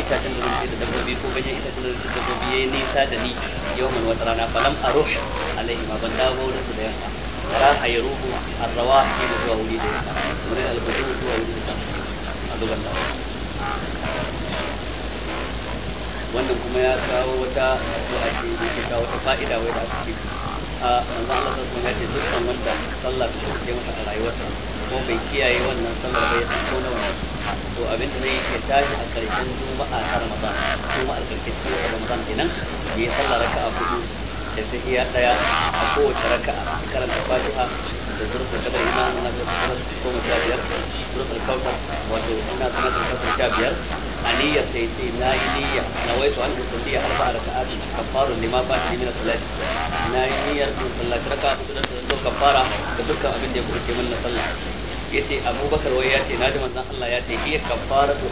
itacen da zai da dabbobi ko ganye itacen da zai da dabbobi yayi nisa da ni yawman wata rana falam aruh alaihi ma ban dawo da su da yamma ra yaruhu arrawah shi da zuwa wuri da yamma wurin albudu zuwa wuri da yamma a zuban dawo wannan kuma ya kawo wata addu'a ce da ke kawo wata fa'ida wai da aka ce a manzon Allah sallallahu alaihi ya ce dukkan wanda sallah ta shirke masa a rayuwarsa ko bai kiyaye wannan sallah bai san ko nawa to abin da zai ke tashi a karshen juma'a ta Ramadan juma'a a karshen juma'a Ramadan kenan ya yi sallah raka'a hudu da tahiya daya a kowace raka'a karanta Fatiha da zurfin da bai ima ina da zurfin goma sha biyar zurfin kauta wato ina da sha biyar sai sai na yi niyya na an da salati na yi niyyar sun sallaci da zo kafara da dukkan abin da ya min na sallah abubakar wai Allah ya ce iya sanati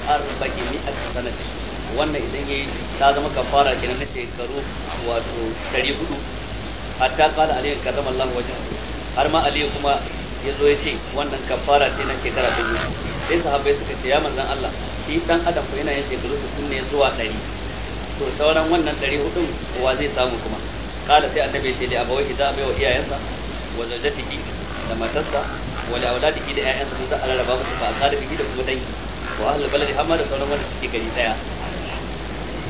wannan idan yayi ta zama kafara kenan na shekaru wato 400 hatta har ma aliyu kuma ya zo ya ce wannan kafara ce na shekara ta biyu sai sahabbai suka ce ya manzan Allah shi dan adam ko yana yin shekaru su ne zuwa ɗari to sauran wannan ɗari hudun wa zai samu kuma kala sai annabi ce da abawai idan abai wa iyayensa wa zaujatihi da matarsa wa da auladihi da iyayensa sun za a rarraba musu a tsara biki da kuma dangi wa ahlul baladi amma da sauran wanda suke gari daya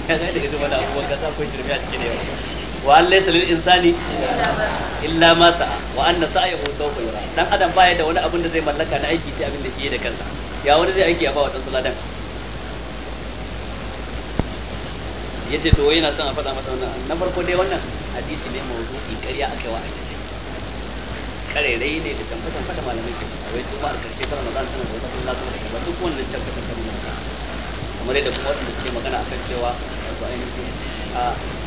kaga daga zuwa da abubuwan kasa ko shirme a cikin yawa wa an laysa lil insani illa ma sa'a wa anna sa'ahu sawfa yura dan adam baya da wani abin da zai mallaka na aiki sai abin da yake da kansa ya wani zai aiki a ba dan suladan yace to yana son a faɗa masa wannan na farko dai wannan hadisi ne mawdu'i kariya akai wa aiki rai ne da tambatan fata malamai ke a wai kuma a karshe kar Ramadan tana da wata Allah kuma ba duk wannan tambatan fata malamai kamar yadda kuma wanda suke magana akan cewa wato ainihin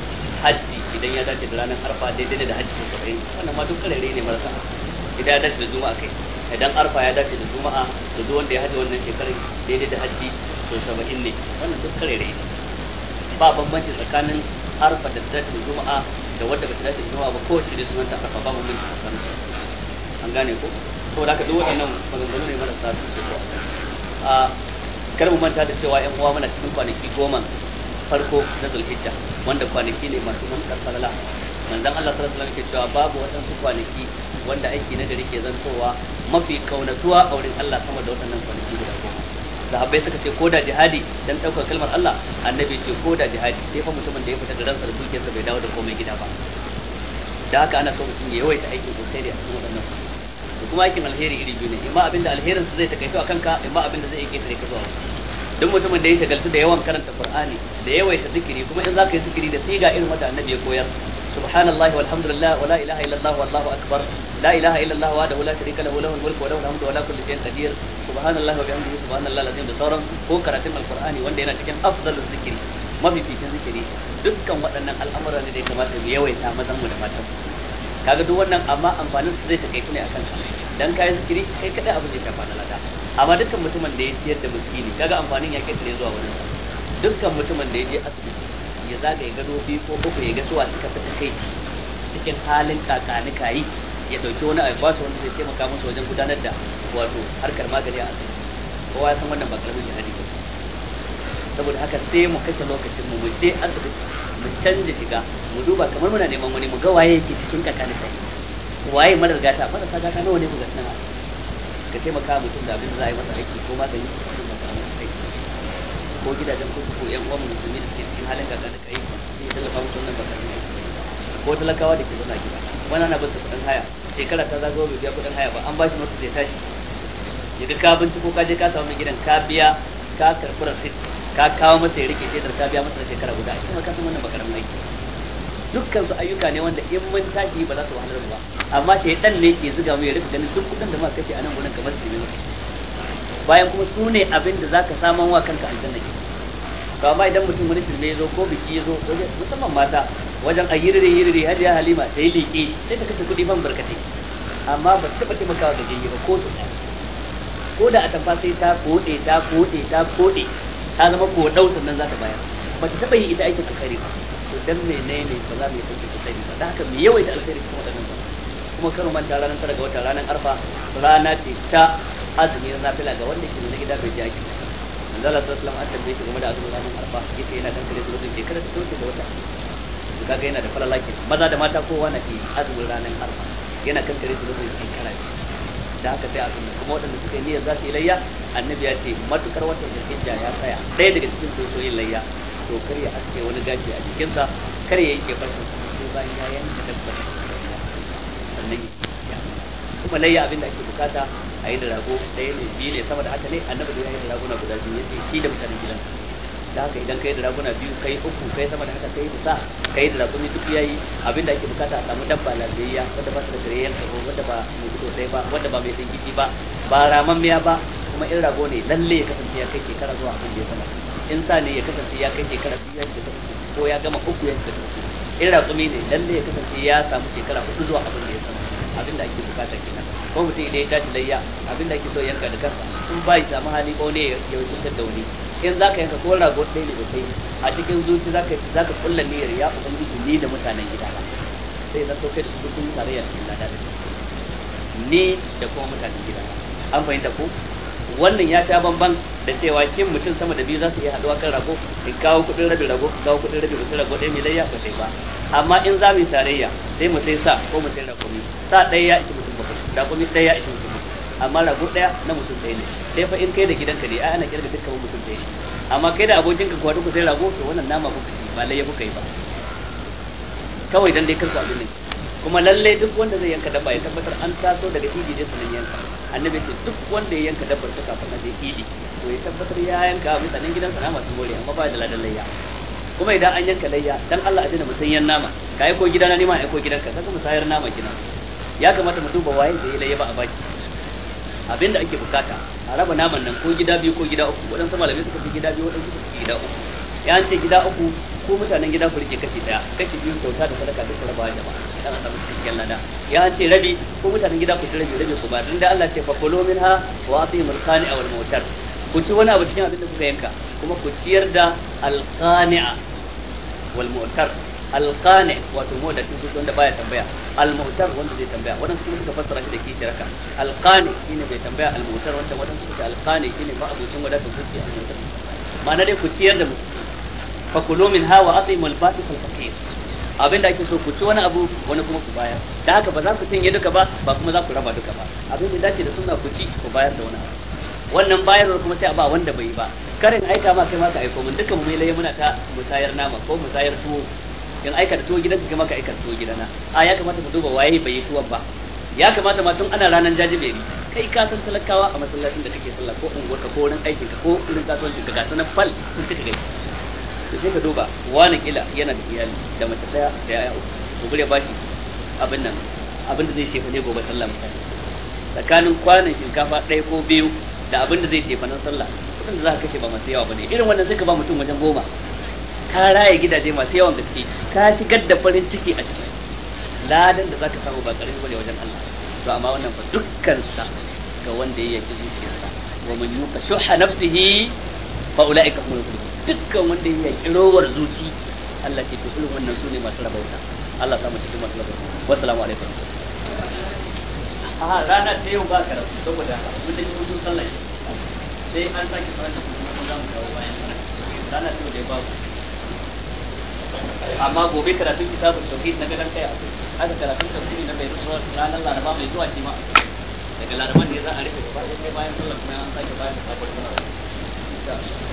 hajji idan ya dace da ranar arfa daidai da hajji sau saba'in wannan ma duk karere ne marasa idan ya dace da juma'a kai idan arfa ya dace da juma'a da duk wanda ya haji wannan shekarar daidai da hajji sau saba'in ne wannan duk karere ne ba bambanci tsakanin arfa da dace da juma'a da wadda ba ta dace da juma'a ba kowace da sunanta arfa ba bambanci tsakanin an gane ko saboda haka duk waɗannan maganganu ne marasa sun ce ko a ah, kar mu manta da cewa yan uwa muna cikin kwanaki goma farko na zulhijja wanda kwanaki ne masu munkar falala manzon Allah sallallahu alaihi wasallam ke cewa babu waɗansu kwanaki wanda aiki na gari ke zantowa mafi kaunatuwa a wurin Allah sama da waɗannan kwanaki guda goma sahabbai suka ce ko da jihadi dan ɗaukar kalmar Allah annabi ce ko da jihadi sai fa mutumin da ya fita da ransa da dukiyarsa bai dawo da komai gida ba da haka ana so mutum ya yawaita aikin alheri a cikin waɗannan kwanaki kuma aikin alheri iri biyu ne imma abinda alherin su zai takaito a ka imma abinda zai iya ketare ka zuwa wasu duk mutumin da ya shagaltu da yawan karanta qur'ani da yawaita zikiri kuma in zaka yi zikiri da siga irin wata annabi ya koyar subhanallahi walhamdulillah wala ilaha illallah wallahu akbar la ilaha illallah wahdahu la sharika lahu lahu almulk wa lahu alhamdu wa la kulli shay'in qadir subhanallahi wa bihamdihi subhanallahi alazim da sauran ko karatun alqur'ani wanda yana cikin afdalul zikiri mafi mafificin zikiri dukkan waɗannan al'amura ne da ya kamata mu yawaita mazan mu da matan kaga duk wannan amma amfanin su zai take ne akan dan kai zikiri kai kada abin da ya fara lada amma dukkan mutumin da ya siyar da miskini kaga amfanin ya ketare zuwa wurin sa dukkan mutumin da ya je asibiti ya zagaye gado biyu ko uku ya ga suwa suka fita kai cikin halin kakanuka yi, ya dauki wani abu basu wanda zai taimaka musu wajen gudanar da wato harkar magani a asibiti kowa ya san wannan ba karamin jihadi ba saboda haka sai mu kashe lokacin mu mu je asibiti mu canza shiga mu duba kamar muna neman wani mu ga waye yake cikin kakanuka yi. waye marar gata marasa gata nawa ne mu ga sanar ka taimaka mutum da abin da za a yi masa aiki ko magani ko abin da za a masa aiki ko gidajen kuku ko yan uwan musulmi da suke cikin halin gagana ka aiki sai tallafa mutum wannan ba karni ko talakawa da ke zama gida wani ana bata kuɗin haya shekara ta zagawa bai biya kuɗin haya ba an ba shi zai tashi ya ga ka ko ka je ka samu gidan ka biya ka karɓi rasit ka kawo masa ya rike shedar ka biya masa shekara guda a cikin ka san wannan ba karamin aiki dukkan su ayyuka ne wanda in mun tashi ba za su wahalar ba amma dan ne ke zuga mu ya rika ganin duk kudin da ma kace anan gurin kamar su ne bayan kuma su ne abin da zaka saman wa kanka aljanna ke to amma idan mutum wani shirme ya zo ko biki ya zo musamman mata wajen a yirire yirire hajiya halima sai liƙe sai ta kashe kuɗi ban barkatai amma ba ta taɓa taimakawa da jirgi ba ko su ko da a tamfa sai ta koɗe ta koɗe ta koɗe ta zama koɗau sannan za ta bayar ba ta taɓa yi ita aikin kare ba dan menene ba za mu yi sauki sosai ba da haka mu yawaita alheri cikin waɗannan ba kuma karo manta ranar tara ga wata ranar arfa rana ce ta azumi na fila ga wanda ke na gida bai jaki manzo Allah sallallahu alaihi wasallam an tambaye shi game da azumin ranar arfa yace yana dan kare wajen shekara ta toke da wata ga yana da fara ke maza da mata kowa na ke azumin ranar arfa yana kan kare lokacin shekara da haka sai a sunna kuma waɗanda suka yi niyyar za su yi layya annabi ya ce matukar wata zulhijja ya tsaya ɗaya daga cikin soyoyin layya to kar ya aske wani gashi a jikinsa kar ya yanke farko sai bayan ya yanke dabbar sannan ya kuma layya abin da ake bukata a yi da rago ɗaya ne biyu ne sama da haka ne annabi ya yi da raguna guda biyu yace shi da mutanen gidan da haka idan kai da raguna biyu kai uku kai sama da haka kai da sa kai da rago ne duk yayi abin da ake bukata a samu dabba lafiyayya wanda ba su da tarayyar tsaro wanda ba mai gudu sai ba wanda ba mai tsinkici ba ba ramammiya ba kuma in rago ne lalle ya kasance ya kai shekara zuwa abin da ya sanar in sa ne ya kasance ya kai shekara biyu ya shiga ko ya gama uku ya shiga in ratsumi ne lalle ya kasance ya samu shekara hudu zuwa abin da ya samu abin da ake bukata kenan ko mutum idan ya tashi layya abin da ake so yanka da kansa in ba ya samu hali ko ne ya wutar da wani in zaka yanka ko rago ɗaya ne da kai a cikin zuci zaka zaka kulla niyyar ya ubangiji ni da mutanen gidana sai zan sauke da su dukkan tarayya cikin lada da ni da kuma mutanen gidana an fahimta ko wannan ya sha bamban da cewa kin mutum sama da biyu za su iya haɗuwa kan rago in kawo kuɗin rabin rago in kawo kuɗin rabin mutum rago ɗaya mai layya ko sai ba amma in za mu yi tarayya sai mu sai sa ko mu sai rakumi sa ɗaya ya ishi mutum bakwai rakumi ɗaya ya ishi mutum bakwai amma rago ɗaya na mutum ɗaya ne sai fa in kai da gidanka ne ai ana kirga dukkan mutum ɗaya ne amma kai da abokinka kuwa duk sai rago to wannan nama kuka ba layya kuka yi ba kawai dan dai kanka abin ne kuma lalle duk wanda zai yanka dabba ya tabbatar an taso daga hiji ne yanka annabi ce duk wanda ya yanka dabbar ta kafin na idi to ya tabbatar ya yanka a mutanen gidan sana masu gori amma ba da ladan layya kuma idan an yanka layya dan Allah a dina yan nama ka ko gidana ne ma ko gidanka kaga sayar nama kina ya kamata mu duba waye da ya layya ba a baki abinda ake bukata a raba naman nan ko gida biyu ko gida uku waɗansu malamai suka fi gida biyu waɗansu suka fi gida uku ya ce gida uku ko mutanen gida ku rike kashi daya kashi biyu kyauta da sadaka duk rabawa jama'a dan Allah mutum cikin lada ya ce rabi ko mutanen gida ku ci rabi rabi ku ba dan da Allah ce fa kulu minha wa atimul qani'a wal mu'tar ku ci wani abu cikin abin da kuka yanka kuma ku ciyar da alqani'a wal mu'tar alqani wato mu da tutu wanda baya tambaya almu'tar wanda zai tambaya wannan su suka fassara shi da kishi raka alqani shine bai tambaya almu'tar wanda wannan suka alqani shine ba abucin wadata zuciya ma'ana dai ku ciyar da mutum fa min hawa atimu mul batis al-faqir abin ake so ku ci wani abu wani kuma ku bayar da haka ba za ku tinye duka ba ba kuma za ku raba duka ba abin da dace da sunna ku ci ku bayar da wani abu wannan bayarwar kuma sai a ba wanda bai yi ba karin aika ma kai ma ka aiko mun duka mu lai muna ta musayar nama ko musayar tuwo in aika da tuwo gidan kai ma ka aika da tuwo gidana a ya kamata ku duba waye bai yi tuwon ba ya kamata ma tun ana ranar jajiberi kai ka san talakawa a masallacin da kake sallah ko unguwarka ko wurin aikinka ko wurin ka ga sanan fal gani to sai ka duba wani kila yana da iyali da mace daya da yaya uku to gure bashi abin nan abin da zai shefa ne gobe sallah misali tsakanin kwanan shinkafa ɗaya ko biyu da abin da zai shefa nan sallah kudin da za ka kashe ba masu yawa bane irin wannan ka ba mutum wajen goma ka raye gidaje masu yawan gaske ka shigar da farin ciki a cikin ladan da za ka samu ba karfi bane wajen Allah to amma wannan fa dukkan sa ga wanda ya zuciyarsa wa man yuqashu nafsihi fa ulaika humul muflihun dukkan wanda ya yaƙi rowar zuci Allah ke irin wannan su ne masu rabauta Allah samu cikin masu rabauta wassalamu alaikum a ranar ta yau ba ka rabu saboda mun da yi hutun sallah sai an sake faranta kuma za mu dawo bayan ranar ta yau dai babu amma gobe karatun kitabun tauhid na gadan kai aka karatun tafsiri na Beirut ranar Laraba mai zuwa shi ma daga Laraban ne za a rufe gaba ɗaya bayan sallah kuma an sake bayan sabon sallah